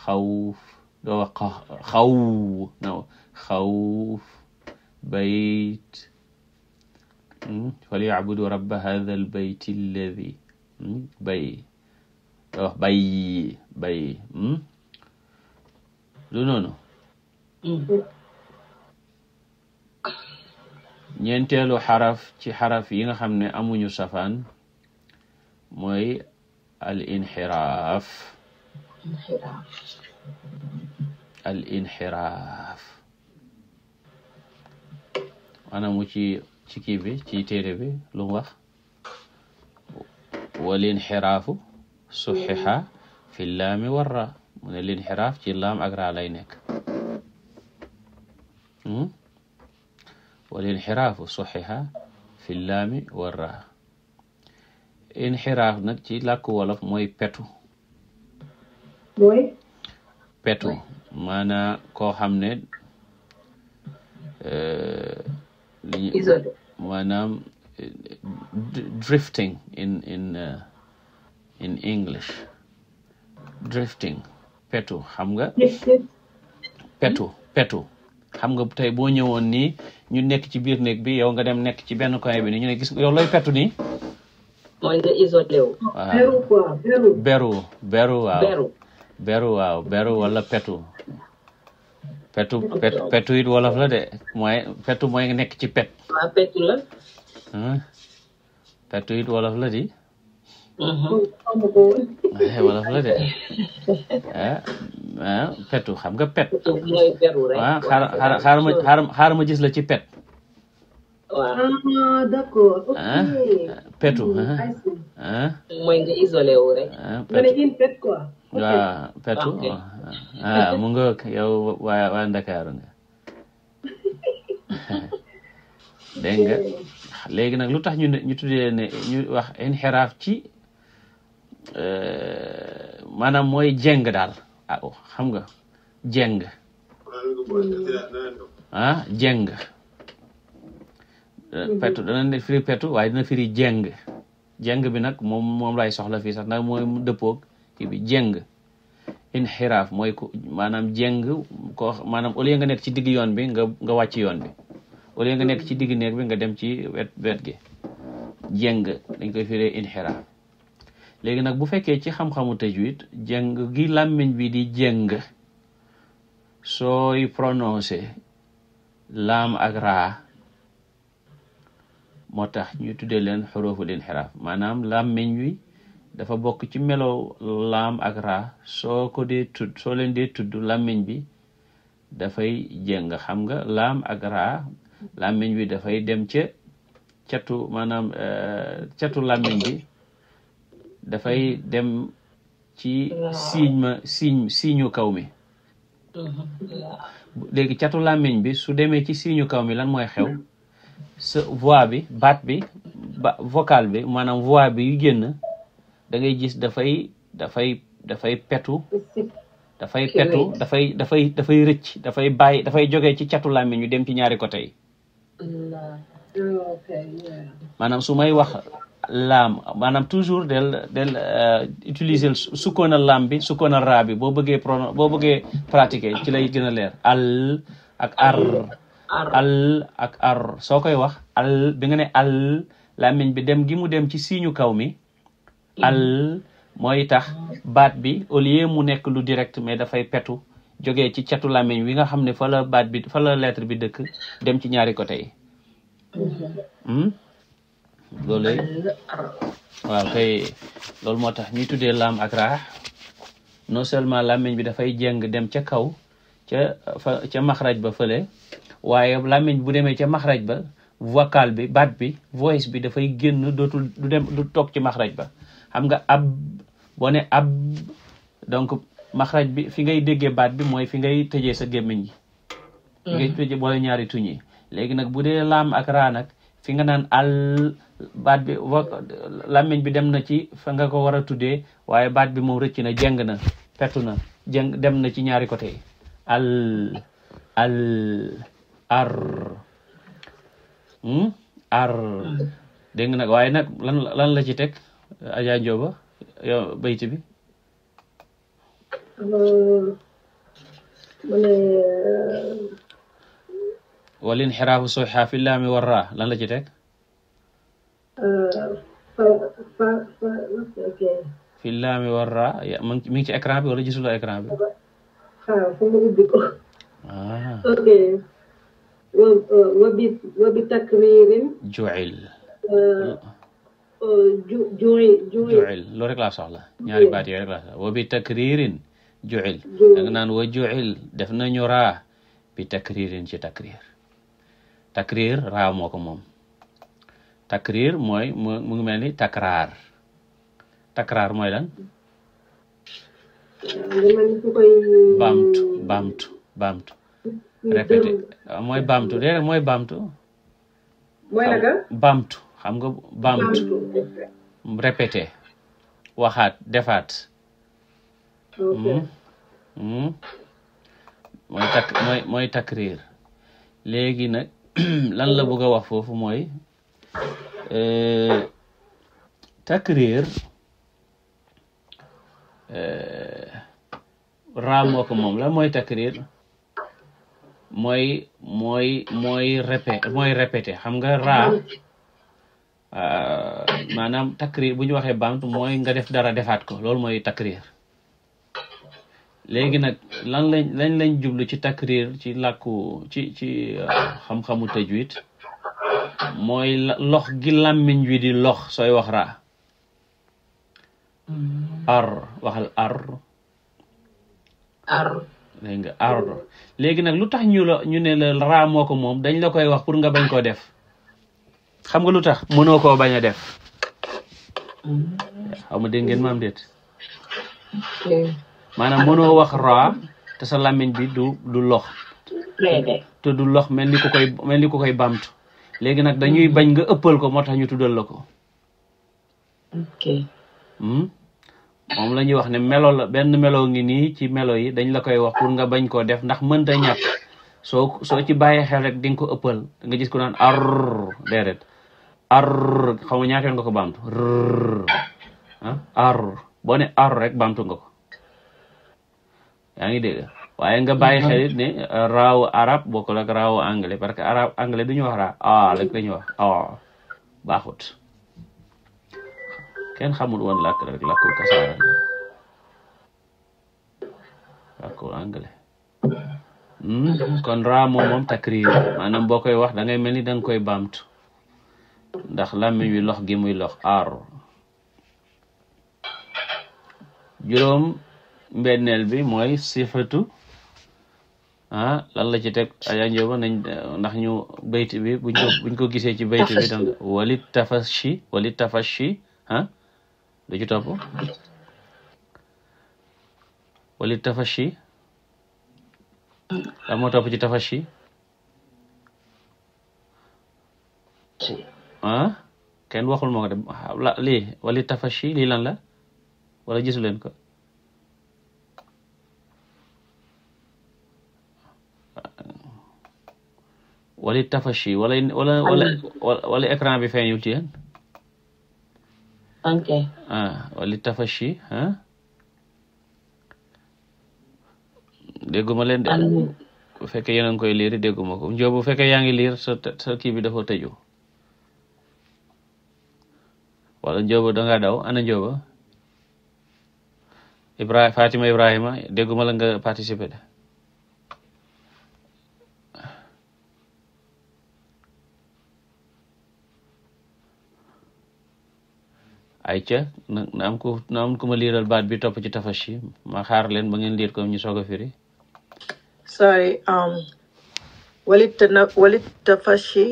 xawf doo wax xaw naw xawf bayt hmm, falyacbudu rabba hada albayt alladi hmm, bay doo wax bay bay hmm. lu noonu ñeenteelu xaraf ci xaraf yi nga xam ne amuñu safaan mooy al inxiraaf al inxiraaf maanaam mu ci ci kii bi ci téere bi lu mu wax wal inxiraafu suxixa fi laami warra mu ne linxiraaf ci laam ak raa lay nekk hmm? wol soxiha fi laami wa raa inxiraaf nag ci lakk wolof mooy petu petu maanaa koo xam ne euh, maanaam drifting uh, in English drifting petu xam nga petu petu xam nga tey boo ñëwoon nii ñu nekk ci biir néeg bi yow nga dem nekk ci benn coin bi nii ñu ne gis yow looy pettu ni mooy nga isolé wu. waaw beru beru waaw beru. waaw beru wala petu. petu it wolof la de mooy petu mooy nekk ci pet. waaw ah, la. Hmm? petu it wolof la di. wolof la de petu xam nga pet. waaw xaaral ma gis la ci pet. waaw ah petu waaw petu mu nga yow waa Ndakaaru nga dégg léegi nag lu tax ñu ñu tuddee wax inxiraaf ci. Euh, maanaam mooy jeng daal ah oh, xam nga jeng ah jeng euh, mm-hmm. petu dana firi petu waaye dina firi jeng jeng bi nag moom moom lay soxla fii sax ndax mooy dëppoog kii bi jeng inxiraaf mooy ku maanaam jeng koo maanaam au nga nekk ci digg yoon bi nga nga wàcc yoon bi au lieu nga nekk ci digg néeg bi nga dem ci wet wet gi jeng dañ koy firee inxiraaf léegi nag bu fekkee ci xam-xamu tajwid jëng gi làmmiñ bi di jëng sooy prononcé làm ak moo tax ñu tuddee leen xuruful inxiraaf maanaam làmmiñ wi dafa bokk ci melo laam ak soo ko dee tudd soo leen dee tudd làmmiñ bi dafay jëng xam nga làm ak làmmiñ bi dafay dem ca catu maanaam eh, catu làmmiñ bi dafay hmm. dem ci siiñ ma siiñ siiñu kaw mi hmm. léegi catu làmmiñ bi su demee ci siiñu kaw mi lan mooy xew sa voix bi baat bi ba vocal bi maanaam voix bi yu génn dangay gis dafay dafay dafay petu dafay dafay dafay dafay rëcc dafay bàyyi dafay jóge ci catu làmmiñ bi dem ci ñaari côté yi hmm. oh, maanaam su may wax laam maanaam toujours del del euh, utiliser sukkoon a laam bi sukkoon a raa bi boo bëggee prono boo bëggee pratiquer ci lay gën a leer al ak ar al ak ar soo koy wax al bi nga ne al làmmiñ bi dem gi mu dem ci siiñu kaw mi al mooy tax baat bi au lieu mu nekk lu direct mais dafay petu jógee ci catu làmmiñ wi nga xam ne fa la baat bi fa la lettre bi dëkk dem ci ñaari côté yi mm-hmm. hmm? loolu waaw kay loolu moo tax ñuy tuddee laam ak raa non seulement làmmiñ bi dafay jeng dem ca kaw ca fa ca maxraj ba fële waaye làmmiñ bu demee ca maxraj ba vocal bi baat bi voice bi dafay génn dootul du dem du toog ci maxraj ba xam nga ab boo ne ab donc maxraj bi fi ngay déggee baat bi mooy fi ngay tëjee sa gémmiñ gi fi ngay mm-hmm. tëjee boole ñaari tuñ léegi nag bu dee laam ak raa nag fi nga naan al baat bi wa làmmiñ bi dem na ci fa nga ko war a tuddee waaye baat bi moom rëcc na jeng na petu na jeng dem na ci ñaari côté yi al al ar hmm? ar dégg nga nag waaye nag lan lan la ci teg Adja Ndioba yow bi wal inxiraafu soxaa fi laami war raa lan la ci teg fi laami war raa mi ngi ci écran bi wala gisuloo écran bi ah ok wa bi wa bi takriirin juil uh, uh, juil loolu rek laa soxla ñaari baat yi rek laa soxla wa bi takriirin juil da nga naan wa juil def nañu raa bi takriirin ci takriir takrir raaw moo ko moom takrir mooy mu ngi mel ni takraar takraar mooy lan bamtu bamtu bamtu mooy bamtu déedéet mooy bamtu bamtu xam nga bamtu répété waxaat defaat hmm? Hmm? mooy tak mooy takrir léegi nag lan la bëgg a wax foofu mooy euh, takk réer euh, raam moo ko moom la mooy takk mooy mooy mooy répé mooy répété xam nga raa euh, maanaam takk réer bu ñu waxee baamtu mooy nga def dara defaat ko loolu mooy takk léegi nag lan lañ lañ lañ jublu ci takrir ci lakku ci ci euh, xam-xamu tajwid mooy lox gi làmmiñ wi di lox sooy wax ra mm-hmm. ar waxal ar ar nga ar léegi nag lu tax ñu ñu ne la ko moom dañ la koy wax pour nga bañ koo def xam nga lu tax mënoo koo bañ a def mm-hmm. xaw ma dégg ngeen maam déet maanaam mënoo wax ra te sa làmmiñ bi du du lox te du lox mel ni ku koy mel ni ku koy bamtu léegi nag dañuy bañ nga ëppal ko moo tax ñu tuddal la ko hmm? moom la ñuy wax ne melo la benn melo ngi nii ci melo yi dañ la koy wax pour nga bañ koo def ndax mënta ñàkk soo soo ci bàyyi xel rek di nga ko ëppal nga gis ko naan ar déedéet ar nga ko baamtu ah? boo ne ar rek baamtu nga ko yaa ngi dégg waaye nga bàyyi xelit ne raawu arab bokkul ak raawu anglais parce que arab anglais du ñu wax raa a rek dañu wax a baaxut kenn xamul woon làkk rek làkkul kasaara làkkul anglais hmm, kon raa moom moom takriir boo koy wax dangay mel ni danga koy baamtu ndax làmmiñ wi lox gi muy lox aar juróom mbenneel bi mooy sifatu ah, lan la ci teg aja njoba nañ ndax ñu bayt bi buñ ko buñ ko gisee ci bayt bi dan wali tafashi wali tafashi ah du ci topp wali tafashi lan topp ci tafashi ah kenn waxul moo ko dem li wali tafashi lii lan la wala gisu leen ko wala tafashi wala wala wala écran bi feeñul ci yéen ok ah wala tafashi ah dégguma leen de bu fekkee yéen a ngi koy liir dégguma ko njóob bu fekkee yaa ngi liir sa sa kii bi dafa tëju wala njóoba danga daw ana njóoba Ibrahima Fatima Ibrahima dégguma la nga participer de ay ca na ku ma liiral baat bi topp ci tafashi ma xaar leen ba ngeen liir ko ñu soog a firi sorry um walit tafashi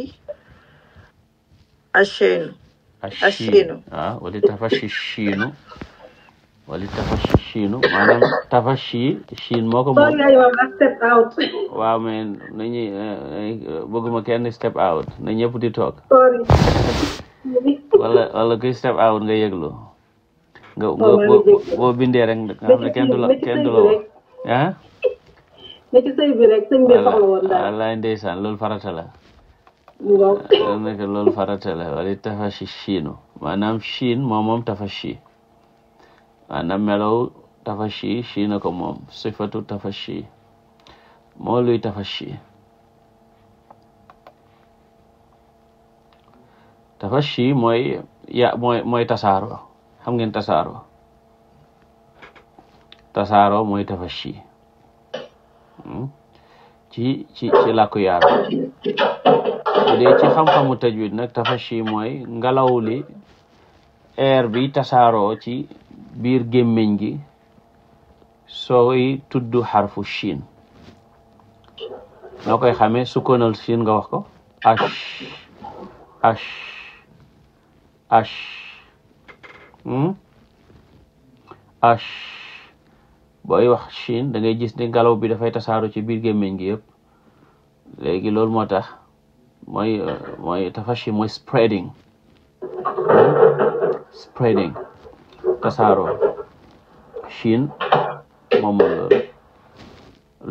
ashinu ashinu ah shiinu walit tafashi ah, shiinu maanaam tafashi shiin moo ko moom waaw mais nañuy eh, eh, bëgguma kenn step out na ñëpp di toog walla wala kuy step out nga yëglu nga oh, boo bindee rek nga xam ne kenn du la kenn ah? ndeysaan loolu farata la nekk loolu farata la wala tafashi chiinu maanaam chiin moom moom tafashi maanaam melow tafashi chiina ko moom sifatu tafashi moo tafashi tafashi mooy tasaaro xam ngeen tasaaro tasaaro mooy tafashi hmm? ci ci ci làkku yaar dee ci xam-xamu tajwid nag tafashi mooy ngelaw li air bi tasaaroo ci biir gémmiñ gi sooy tudd xarfu shin noo koy xamee sukkoonal shin nga wax ko ash Hmm? ash booy wax chin da ngay gis ne ngelaw bi dafay tasaaru ci biir gémmiñ gi yëpp léegi loolu moo tax mooy mooy tafashi mooy spreading hmm? tasaaro chin moom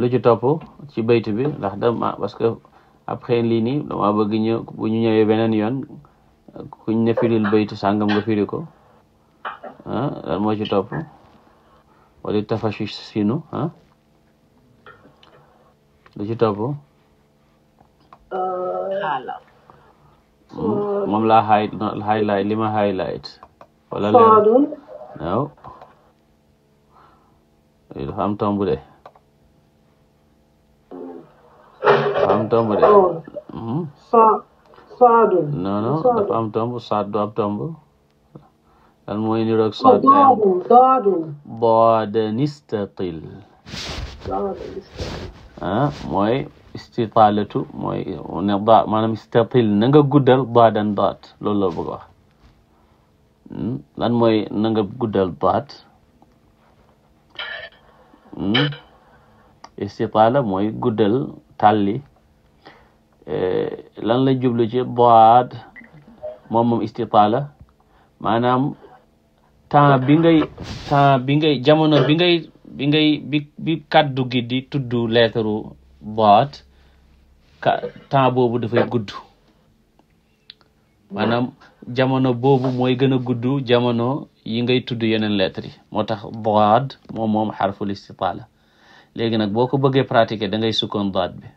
lu ci topp ci bayt bi ndax dama parce que après lii nii dama bëgg ñëw bu ñu ñëwee beneen yoon kuñ ne firil baytu sàngam nga firi ko ah lan moo ci topp wala tafashi sinu ah lu topp moom laa hay highlight li ma highlight wala leen waaw dafa am tomb de dafa tomb de oh. hmm? saadun non non dafa lan mooy niroog saad daadun boodan istatil mooy istitaalatu mooy ne ba maanaam istatil guddal baadan baat loolu la hmm, lan mooy na nga baat hmm, istitaala mooy guddal tàlli Eh, lan la jublu ci boad moom moom istitaala maanaam temps bi ngay bi ngay jamono bi ngay bi bi kàddu gi di tudd leetaru boad ka boobu dafay gudd maanaam jamono boobu mooy gën a guddu jamono yi ngay tudd yeneen lettres yi moo tax boad moom moom xarful istitaala léegi nag boo ko bëggee pratiquer da ngay sukkoon bi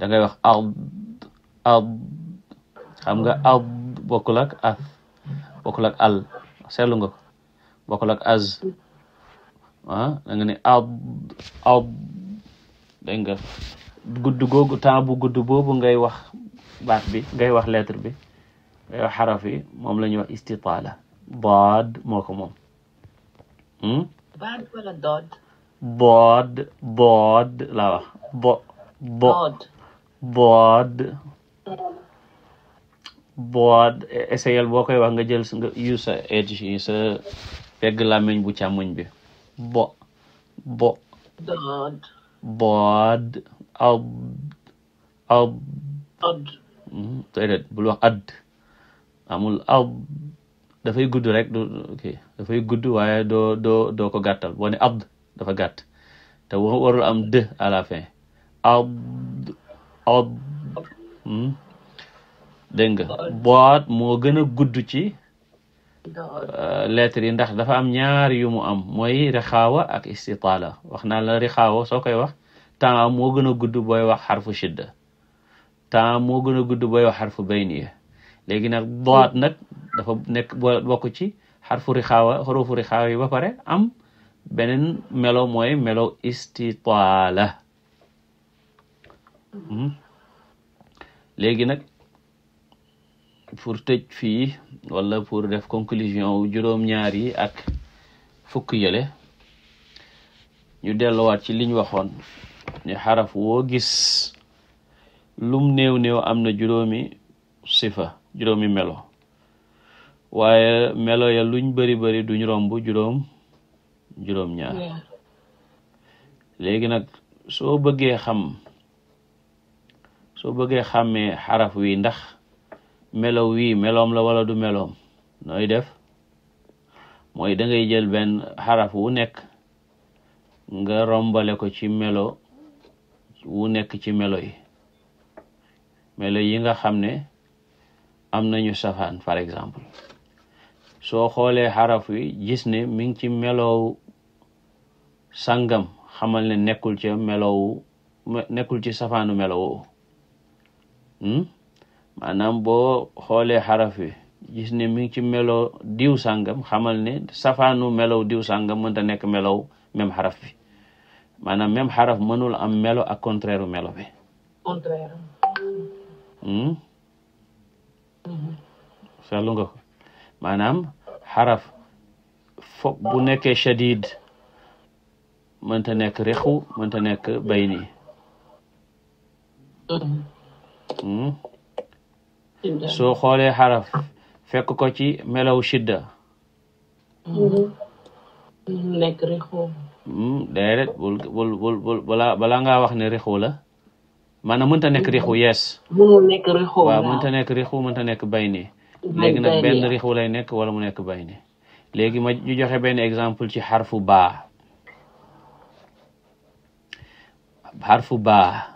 dangay wax ard ard xam nga ard bokkul ak af bokkul ak al seetlu nga ko bokkul ak az ah da nga ne ard ard dégg nga gudd googu ngay wax baat bi ngay wax lettre bi ngay wax xaraf yi moom la ñuy wax istitaala daad moo ko moom daad hmm? wala board mm-hmm. board essayel boo koy wax nga jël nga use sa edge yi sa pegg bu càmmoñ bi bo bo board ab ab déedéet mm-hmm. bul wax add amul ab dafay gudd rek du ok dafay gudd waaye doo doo doo ko gàttal boo ne abd dafa gàtt te warul am d à la fin abd ad hmm? dégg nga boîte moo gën a gudd ci leetre euh, yi ndax dafa am ñaar yu mu am mooy rixaawa ak istitaala wax naa la rixaawa soo koy wax temps moo gën a gudd booy wax xarfu shidda temps moo gën a gudd booy wax xarfu bayniya léegi nag boîte nag dafa nekk bokk ci xarfu rixaawa xurufu yi ba pare am beneen melo mooy melo istitaala Hmm. léegi nag pour tëj fii wala pour def conclusion wu juróom-ñaar yi ak fukk yële ñu dellowaat ci liñ waxoon ne xaraf woo gis lum néew néew am na juróomi sifa juróomi melo waaye melo ya luñ bari bari duñ romb juróom juróom-ñaar léegi nag soo bëggee xam soo bëggee xàmmee xaraf wi ndax melow wii meloom la wala du meloom nooy def mooy da ngay jël benn xaraf wu nekk nga rombale ko ci melo wu nekk ci melo yi melo yi nga xam ne am nañu safaan par exemple soo xoolee xaraf wi gis ne mi ngi ci melow sangam xamal ne nekkul ci melowu nekkul ci safaanu melo Hmm? maanaam boo xoolee xaraf wi gis ne mi ngi ci melow diw sàngam xamal ne safaanu melow diw sàngam mënta nekk melow même xaraf bi maanaam même xaraf mënul am melo ak contraire u melo bi contraire hmm? Hmm. seetlu maanaam xaraf foog bu nekkee shadid mënta nekk rexu mënta nekk bayni Hmm? soo xoolee xaraf fekk ko ci melow shidda hmm. Hmm, nekk rixu ngaa wax ne rixu la maanaam mënta nekk rixu yees mënul nekk rixu waaw mënta nekk rixu mënta nekk bayne léegi nag benn rixu nekk wala mu nekk bayne léegi ma ñu joxe benn exemple ci xarfu baa xarfu baa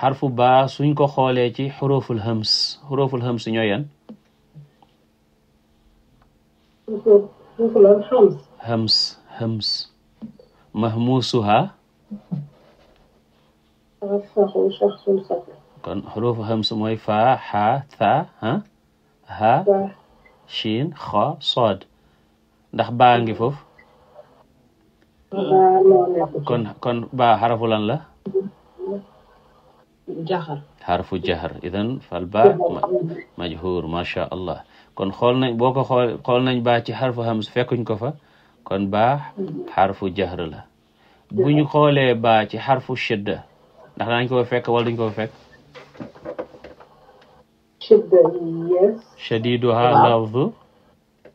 xarfu baa suñ ko xoolee ci xuruful hams xuruful hams ñooy yan hams hams mahmusuha kon xurufu hams mooy fa xa tha ha shin xa sod ndax baa ngi foofu kon kon baa xarafu lan la xarfu jahr idan fal ba majhur macha allah kon xool nañ boo ko xool xool nañ baa ci xarfu hams fekkuñ ko fa kon ba xarfu jahr la bu ñu xoolee ba ci xarfu shidda ndax daañ ko fekk wala duñ ko fekk shadiduha lafdu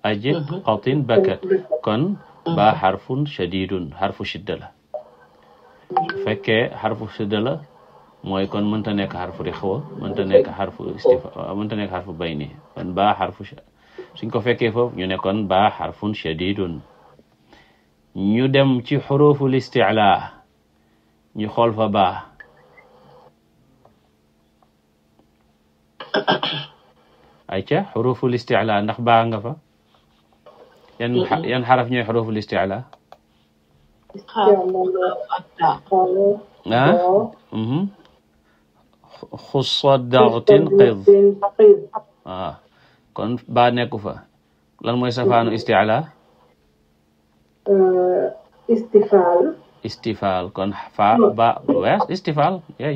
ajib uh-huh. qatin bakat kon baa xarfun uh-huh. shadidun xarfu shidda la fekkee xarfu shidda la mooy kon mënta nekk xarfu rixwa mënta nekk xarfu oh. istifa uh, mënta nekk xarfu bayni kon baa xarfu suñ ko fekkee foofu ñu ne kon baa xarfun shadidun ñu dem ci xuruful isticla ñu xool fa baa ayca xuruful isticla ndax baa nga fa yan yan xaraf ñooy xuruful isticla ah xussa daaxutin ah, kon ba nekku fa lan mooy safaanu istiala euh, istifaal kon fa ba yes istifaal yeah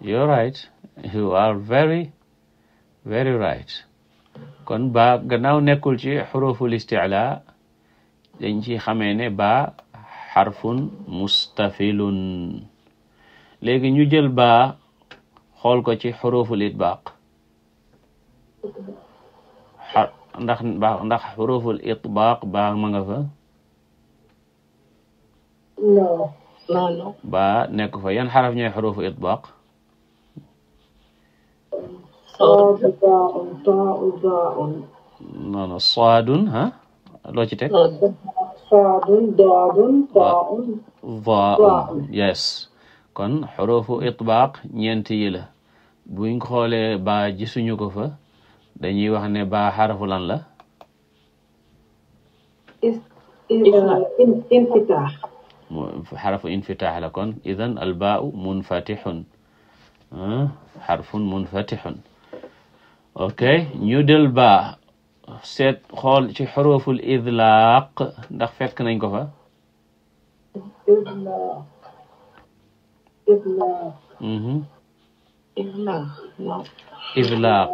you are very very right kon ba gannaaw nekkul ci xuruful istiala dañ ci xamee ba xarfun mustafilun léegi ñu jël baa xool ko ci xuruful itbaaq ndax baa ndax xuruful itbaaq baa ma nga fa baa nekk fa yan xaraf ñooy xurufu itbaaq non non saadun ha loo ci teg saadun daadun taaun yes kon xurufu itbaaq ñeent yi la bu buñ xoolee baa gisuñu ko fa dañuy wax ne baa xarfu lan la infitaax xarfu infitaax la kon idan albaau munfatixun ah, xarfun munfatixun ok ñu del baa seet xool ci xuruful idlaaq ndax fekk nañ ko fa إبلاغ إبلاغ إبلاغ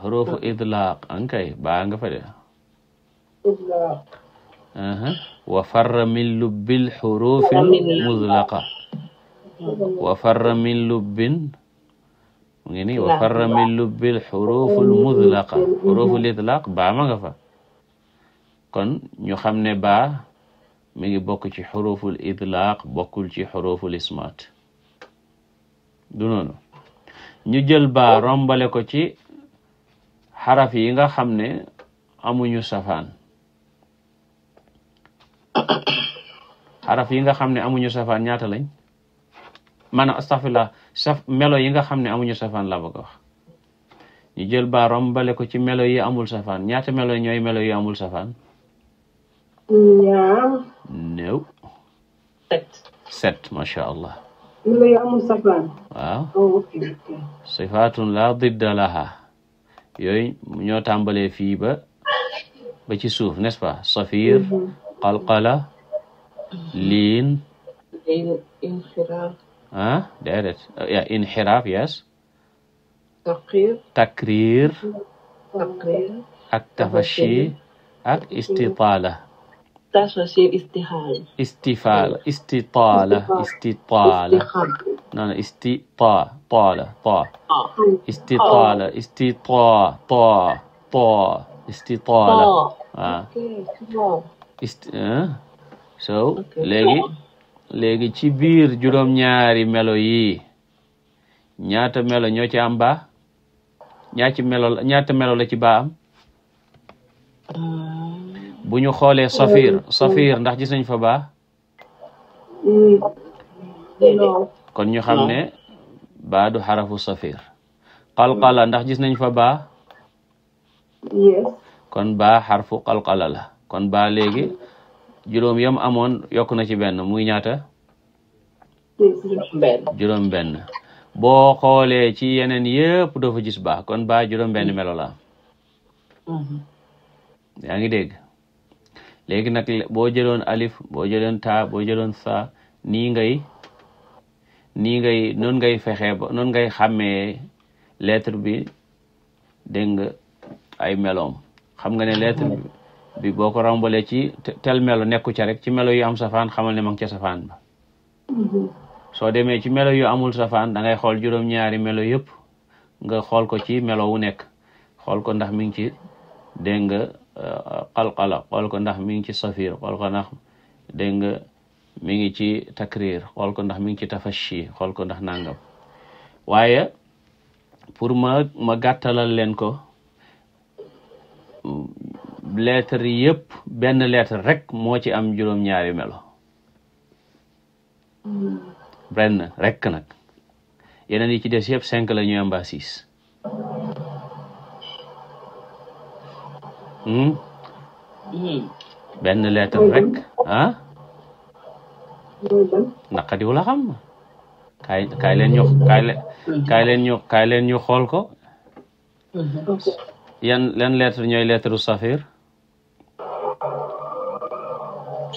حروف إطلاق أنكي باغا فدي إطلاق أها وفر من لب الحروف المزلقة وفر من لب يعني وفر من لب الحروف المزلقة حروف الإطلاق baa ma nga fa kon ñu xam ne baa mi ngi bokk ci xuruful idlaaq bokkul ci xuruful ismaat du noonu ñu jël baa rombale ko ci xaraf yi nga xam ne amuñu safaan xaraf yi nga xam ne amuñu safaan ñaata lañ maanaam astafirlah saf melo yi nga xam ne amuñu safaan la bëgg wax ñu jël baa rombale ko ci melo yi amul safaan ñaata melo ñooy melo yi amul safaan ñaar. néew. set. set macha allah. lu lay didda laha ñoo tàmbalee fii ba ba ci suuf n'est-ce pas safir mhm. qalqala liin inxiraaf ah takrir ak tafashi ak istitaala tasosier istixaala istixaala istitaala istitaala non istita taala ta istitaala istita ta ta istitaala waaw ist so léegi léegi ci biir juróom-ñaari melo yi ñaata melo ñoo ci am ba ñaa ci melo la ci ba am bu ñu xoolee safir mm. safir ndax gis nañ fa baa mm. kon ñu xam ne baa du xarafu safir qalqala ndax gis nañ fa baa kon baa xarfu qalqala la kon ba léegi juróom yam amoon yokk na ci benn muy ñaata juróom benn boo xoolee ci yeneen yëpp doo fa gis kon baa juróom benn melo la mm-hmm. ngi dégg léegi nag boo jëloon alif boo jëloon ta boo jëloon sa ni ngay nii ngay noonu ngay fexe ba noonu ngay xàmmee lettre bi dégg nga ay meloom xam nga ne lettre bi boo ko rombale ci tel melo nekku ca rek ci melo yu am safaan xamal ne ma ca safaan ba soo demee ci melo yu amul safaan dangay xool juróom-ñaari melo yëpp nga xool ko ci melo wu nekk xool ko ndax mi ngi ci dégg nga qalqala xool ko ndax mi ngi ci safir xool ko ndax dégg nga mi ngi ci takrir xool ko ndax mi ngi ci tafashi xool ko ndax nangam waaye pour ma ma leen ko lettre yëpp benn lettre rek moo ci am juróom-ñaari melo hmm. benn rek nag yeneen yi ci des yëpp cinq la ñuy Hmm? Hmm. benn lettre rek ah naqadi wula xam kaay kaay leen ñu kaay leen kaay leen ñu kaay leen ñu xool ko yan yan lettre ñooy lettre safir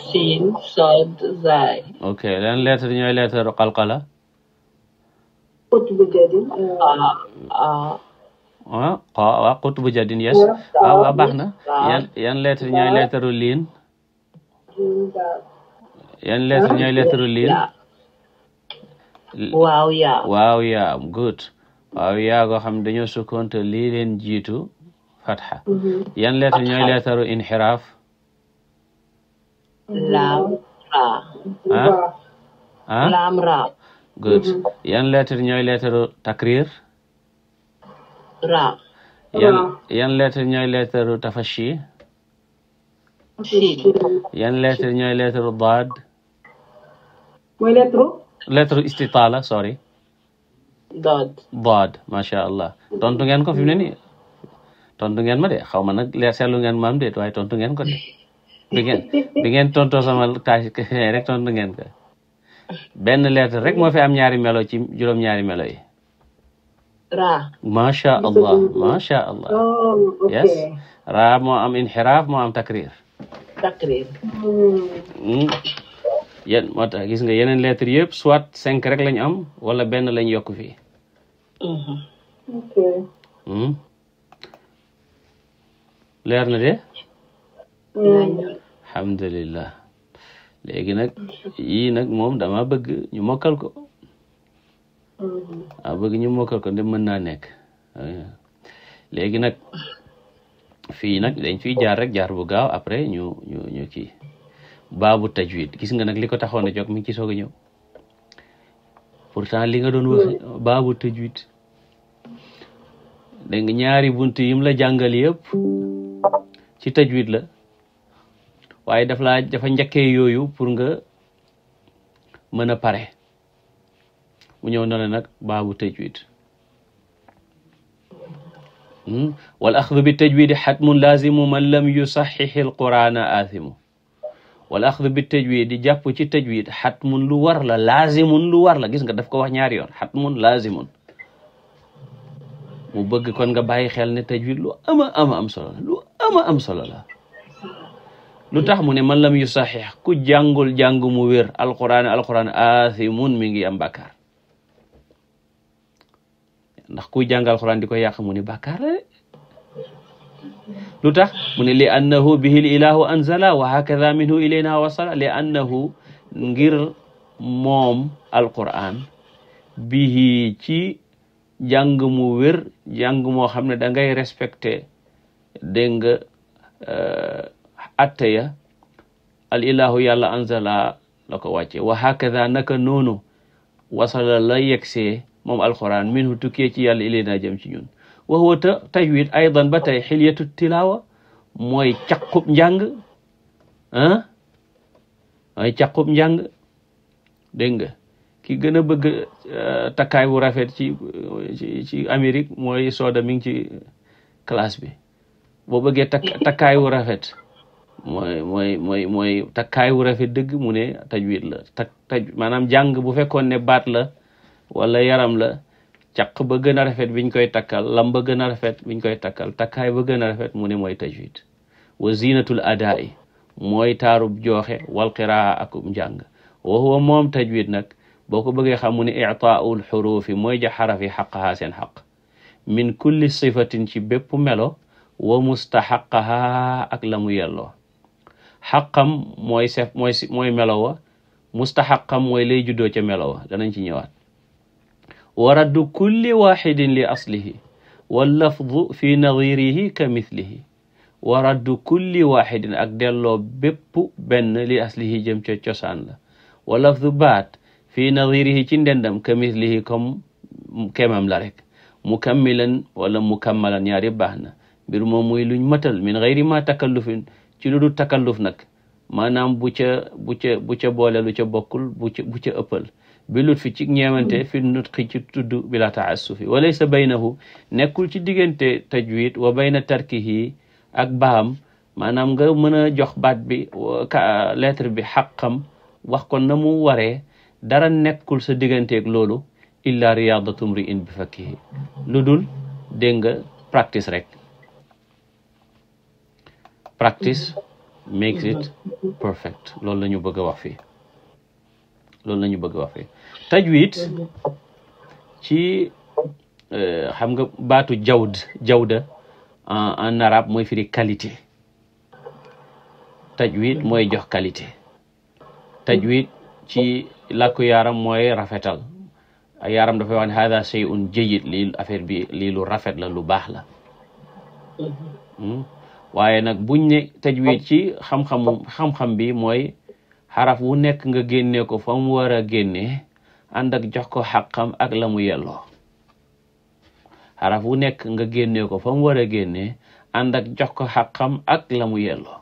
siin sod zaay ok yan lettre ñooy lettre qalqala ah waaw ah, ah, xutbu jadin yes waaw ah, waaw baax na yan yan lettre ñooy lettre liin yan lettre ñooy lettre liin waaw yaa waaw yaa good waaw yaa goo xam dañoo sukkoon te lii leen jiitu fatxa mhm. yan lettre ñooy lettre inxiraaf laam ra ah ah laam ra good yan lettre ñooy lettre takrir ra yan yan lettre ñooy lettre tafashi yan lettre ñooy lettre daad mooy lettre lettre istitaala sorry daad daad macha allah tontu ngeen ko fi mu ne nii tontu ngeen ma de xaw ma nag leer seetlu ngeen maam déet waaye tontu ngeen ko de bi ngeen bi ngeen tontoo sama taas rek tontu ngeen ko benn lettre rek moo fi am ñaari melo ci juróom-ñaari melo yi ra macha allah macha allah oh, yes ra moo am inxiraaf moo am takrir takrir hmm. yéen moo tax gis nga yeneen lettre yëpp soit cinq rek lañ am wala benn lañ yokk fii mhm. hmm. leer na de alhamdulillah léegi nag yii nag moom dama bëgg ñu mokkal ko waaw ah, bëgg ñu mokkal ko ndem mën naa nekk léegi nag fii nag dañ fi jaar rek jaar bu gaaw après ñu ñu ñu kii baabu tajwid gis nga nag li ko taxoon a jog mi ngi ci soog a ñëw pourtant lii nga doon wax mm. baabu tajwid dégg nga ñaari bunt yim la jàngal yépp ci wit la waaye daf laa dafa njëkkee yooyu pour nga mën a pare mu ñëw na la nag baabu tajwid hmm? wal axdu bi tajwidi xatmun laazimu man lam yu alqurana aathimu wal axdu bi tajwidi jàpp ci tajwid xatmun lu war la lu war gis nga daf ko wax ñaari yoon xatmun laazimun mu bëgg kon nga bàyyi xel ne tajwid lu ama ama am solo lu solo lu tax mu ne man lam yu yusaxix ku jàngul jàng mu wér alquran alquran aathimun mi ngi am bàkkaar ndax ku jàngal alxuraan di ko yàq mu ne bàkkaar la lu tax mu ne li annahu bihil ilahu anzala wa hakada minhu ilayna wasala li annahu ngir moom alquran bihi ci jàng mu wér jàng moo xam ne dangay respecte respecté dégg nga eh, atte ya al ilahu yàlla anzala la ko wàcce wa hakada naka noonu wasala la yegsee moom alquran minhu tukkee ci yàlla ilayna jëm ci ñun wa huwa tajwid aydan ba tey xilyatu tilaawa mooy caqub njàng ah mooy njàng dégg nga ki gën a bëgg euh, takkaay bu rafet ci ci Amérique mooy sooda mi ngi ci classe bi boo bëggee takk takkaay wu rafet mooy mooy mooy takkaay wu rafet dëgg mu ne tajwid la tak taj maanaam jàng bu fekkoon ne baat la wala yaram la caq ba gën a rafet biñ koy takkal lam ba gën a rafet biñ koy takkal takkaay ba gën a rafet mu ne mooy tajwid wa zinatul adaa'i mooy taarub jooxe wal qiraa akum njàng wa huwa moom tajwid nag boo ko bëggee xam mu ne ictaa'ul xuruufi mooy ja xarafi xaqahaa seen xaq min kulli sifatin ci bépp melo wa mustaxaqahaa ak la mu yelloo xaqam mooy sef mooy mooy melo wa mustaxaqam mooy lay juddoo ca melo wa danañ ci ñëwaat wa raddu kulli waxidin li aslihi wallafdu fi nadirihi ka mithlihi wa raddu kulli waxidin ak delloo bépp benn li aslihi jëm ca cosaan la wa lafdu baat fi nadirihi ci ndendam ka mithlihi comme kemam la rek mukammilan wala mukammalan ñaari baax na mbir moom muy luñ matal min gayri ma takallufin ci lu dul takalluf nag maanaam bu ca bu ca bu ca boole lu ca bokkul bu ca bu ca ëppal bi lut fi ci ñeewante fi nutqi ci tudd bila taassufi wa laysa baynahu nekkul ci diggante tajwid wa bayna tarkihi ak baam maanaam nga mën a jox baat bi lettre bi xaqam wax kon na mu waree dara nekkul sa diggante loolu illa riyadatu mri'in bi fakkihi lu dul dégg nga practice rek practice makes it loolu la bëgg a wax fii loolu la bëgg a wax tajwid mhm. ci euh, xam nga baatu jawd jawda en arabe mooy firi qualité tajwid mhm. mooy jox qualité tajwid ci làkku yaram mooy rafetal yaaram dafay wax hada shay'un jayyid lii affaire bi lii lu rafet la lu baax la mhm. hmm? waaye nag buñ ne ci xam xam-xam bi mooy xaraf wu nekk nga génne ko fa mu génne ànd ak jox ko xàqam ak la mu yelloo xaraf wu nekk nga génne ko fa mu war a génnee ànd ak jox ko xàqam ak la mu yelloo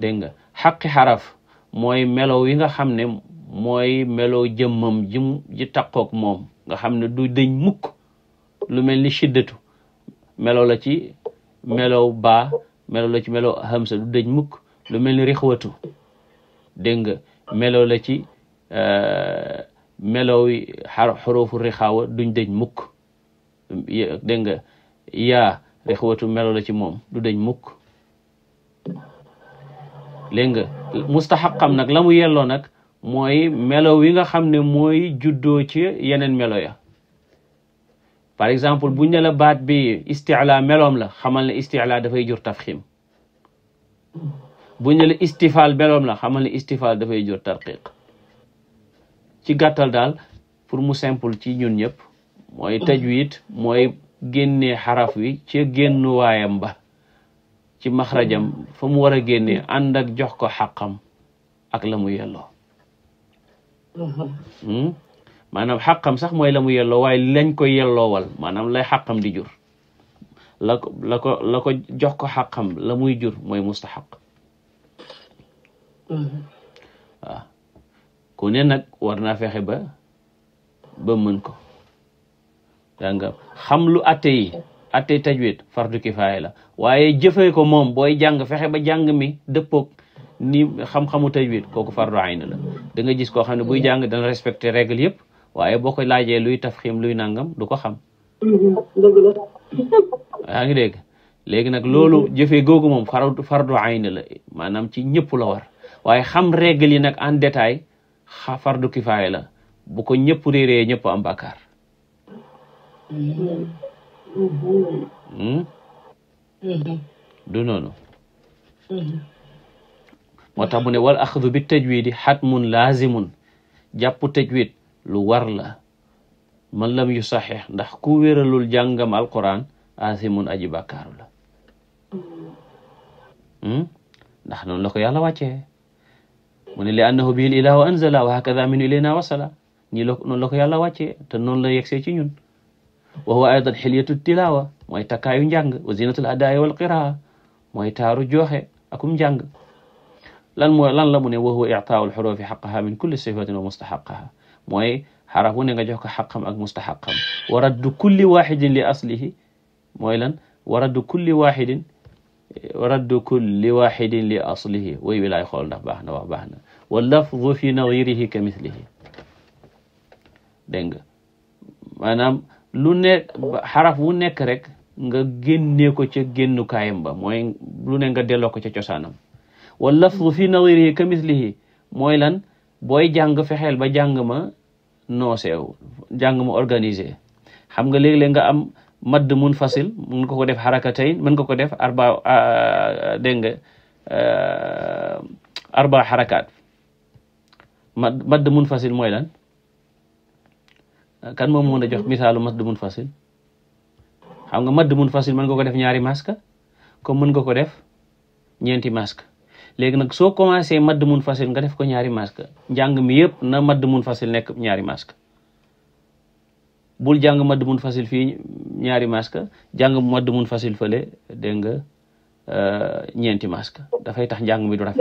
dégg nga xaqi xaraf mooy melow yi nga xam ne mooy melow jëmmam jim ji takkook moom nga xam ne du dëñ mukk lu mel ni shiddatu melow la ci melow baa melow la ci melow hamsa du dëñ mukk lu mel ni rixwatu dégg melow la ci Euh, melow yi xaroofu rixaawa duñ deñ mukk dégg nga yaa rixawatu melo la ci moom du deñ mukk dégg nga mustaxaqam nag lamu mu yelloo nag mooy melo wi nga xam ne mooy juddoo ci yeneen melo ya par exemple buñ ne baat bi isticla meloom la xamal ne isticla dafay jur tafxim buñ ne la istifaal meloom la xamal ne istifaal dafay jur tarqiq ci gàttal daal pour mu simple ci ñun ñëpp mooy tajwid mooy génne xaraf wi ci génnuwaayam ba ci maxrajam fa mu war a génnee ànd ak jox ko xaqam ak la mu yelloo hmm? maanaam xaqam sax mooy la mu yelloo waaye lañ ko yelloowal maanaam lay xaqam di jur la ko jox ko xaqam la muy jur mooy mustaxaq hmm. waaw ku ne nag war naa fexe ba ba mën ko daa nga xam lu atte yi atte tajwid fardu kifaaya la waaye jëfee ko moom booy jàng fexe ba jàng mi dëppook ni xam-xamu tajwid kooku fardu ayn la danga nga gis koo xam ne buy jàng dana respecte règle yëpp waaye boo ko laajee luy tafxim luy nangam du ko xam yaa ngi dégg léegi nag loolu jëfe googu moom fardu fardu ayn la maanaam ci ñëpp la war waaye xam règle yi nag en détail fardu kifaaya la bu ko ñëpp réeree ñëpp am bàkkaar hmm? mm-hmm. du noonu mm-hmm. moo tax mu ne wal axdu bi tajwidi xatmun laazimun jàpp tajwid lu warla la lam yu saxe ndax ku wéralul jàngam alquran asimun aji bàkkaaru la mm-hmm. hmm? ndax noonu la ko yàlla wàccee mu ne li annahu bihi ilahu anzala wa hakada min ilayna wasala ñii la noonu la ko yàlla wàccee te noonu la yegsee ci ñun wa huwa aydan xilyatu tilawa mooy takkaayu njàng wa zinatul adaay wal qiraa mooy taaru jooxe akum njàng lan moo lan la mu ne wa huwa ictaau lxurufi xaqaha min kulli sifatin wa mustaxaqaha mooy xaraf wu ne nga jox ko xaqam ak mustaxaqam wa raddu kulli waxidin li aslihi mooy lan wa raddu kulli waxidin raddu kulli waxidin li aslihi way wilaay xool ndax baax na wax baax na wa lafdu fi nadirihi ka mislihi dégg nga maanaam lu ne xaraf wu nekk rek nga génnee ko ca génnukaayam ba mooy lu ne nga delloo ko ca cosaanam wa lafdu fi nadirihi ka mislihi mooy lan booy jàng fexeel ba jàng ma nooseew jàng ma organisé xam nga léeg-léeg nga am madd munfasil mun nga ko def xarakatayn mën nga ko def arba dégg nga arba xarakaat madd mun munfasil mooy lan kan moom mën a jox misaalu madd munfasil xam nga madd munfasil mën nga ko def ñaari masque comme mën nga ko def ñeenti masque léegi nag soo commencé madd munfasil nga def ko ñaari mask njàng mi yëpp na madd munfasil nekk ñaari masque bul jàng madd mun fasil fii ñaari masque jàng madd mun fasil fële dégg nga euh, ñeenti mask dafay tax njàng mi du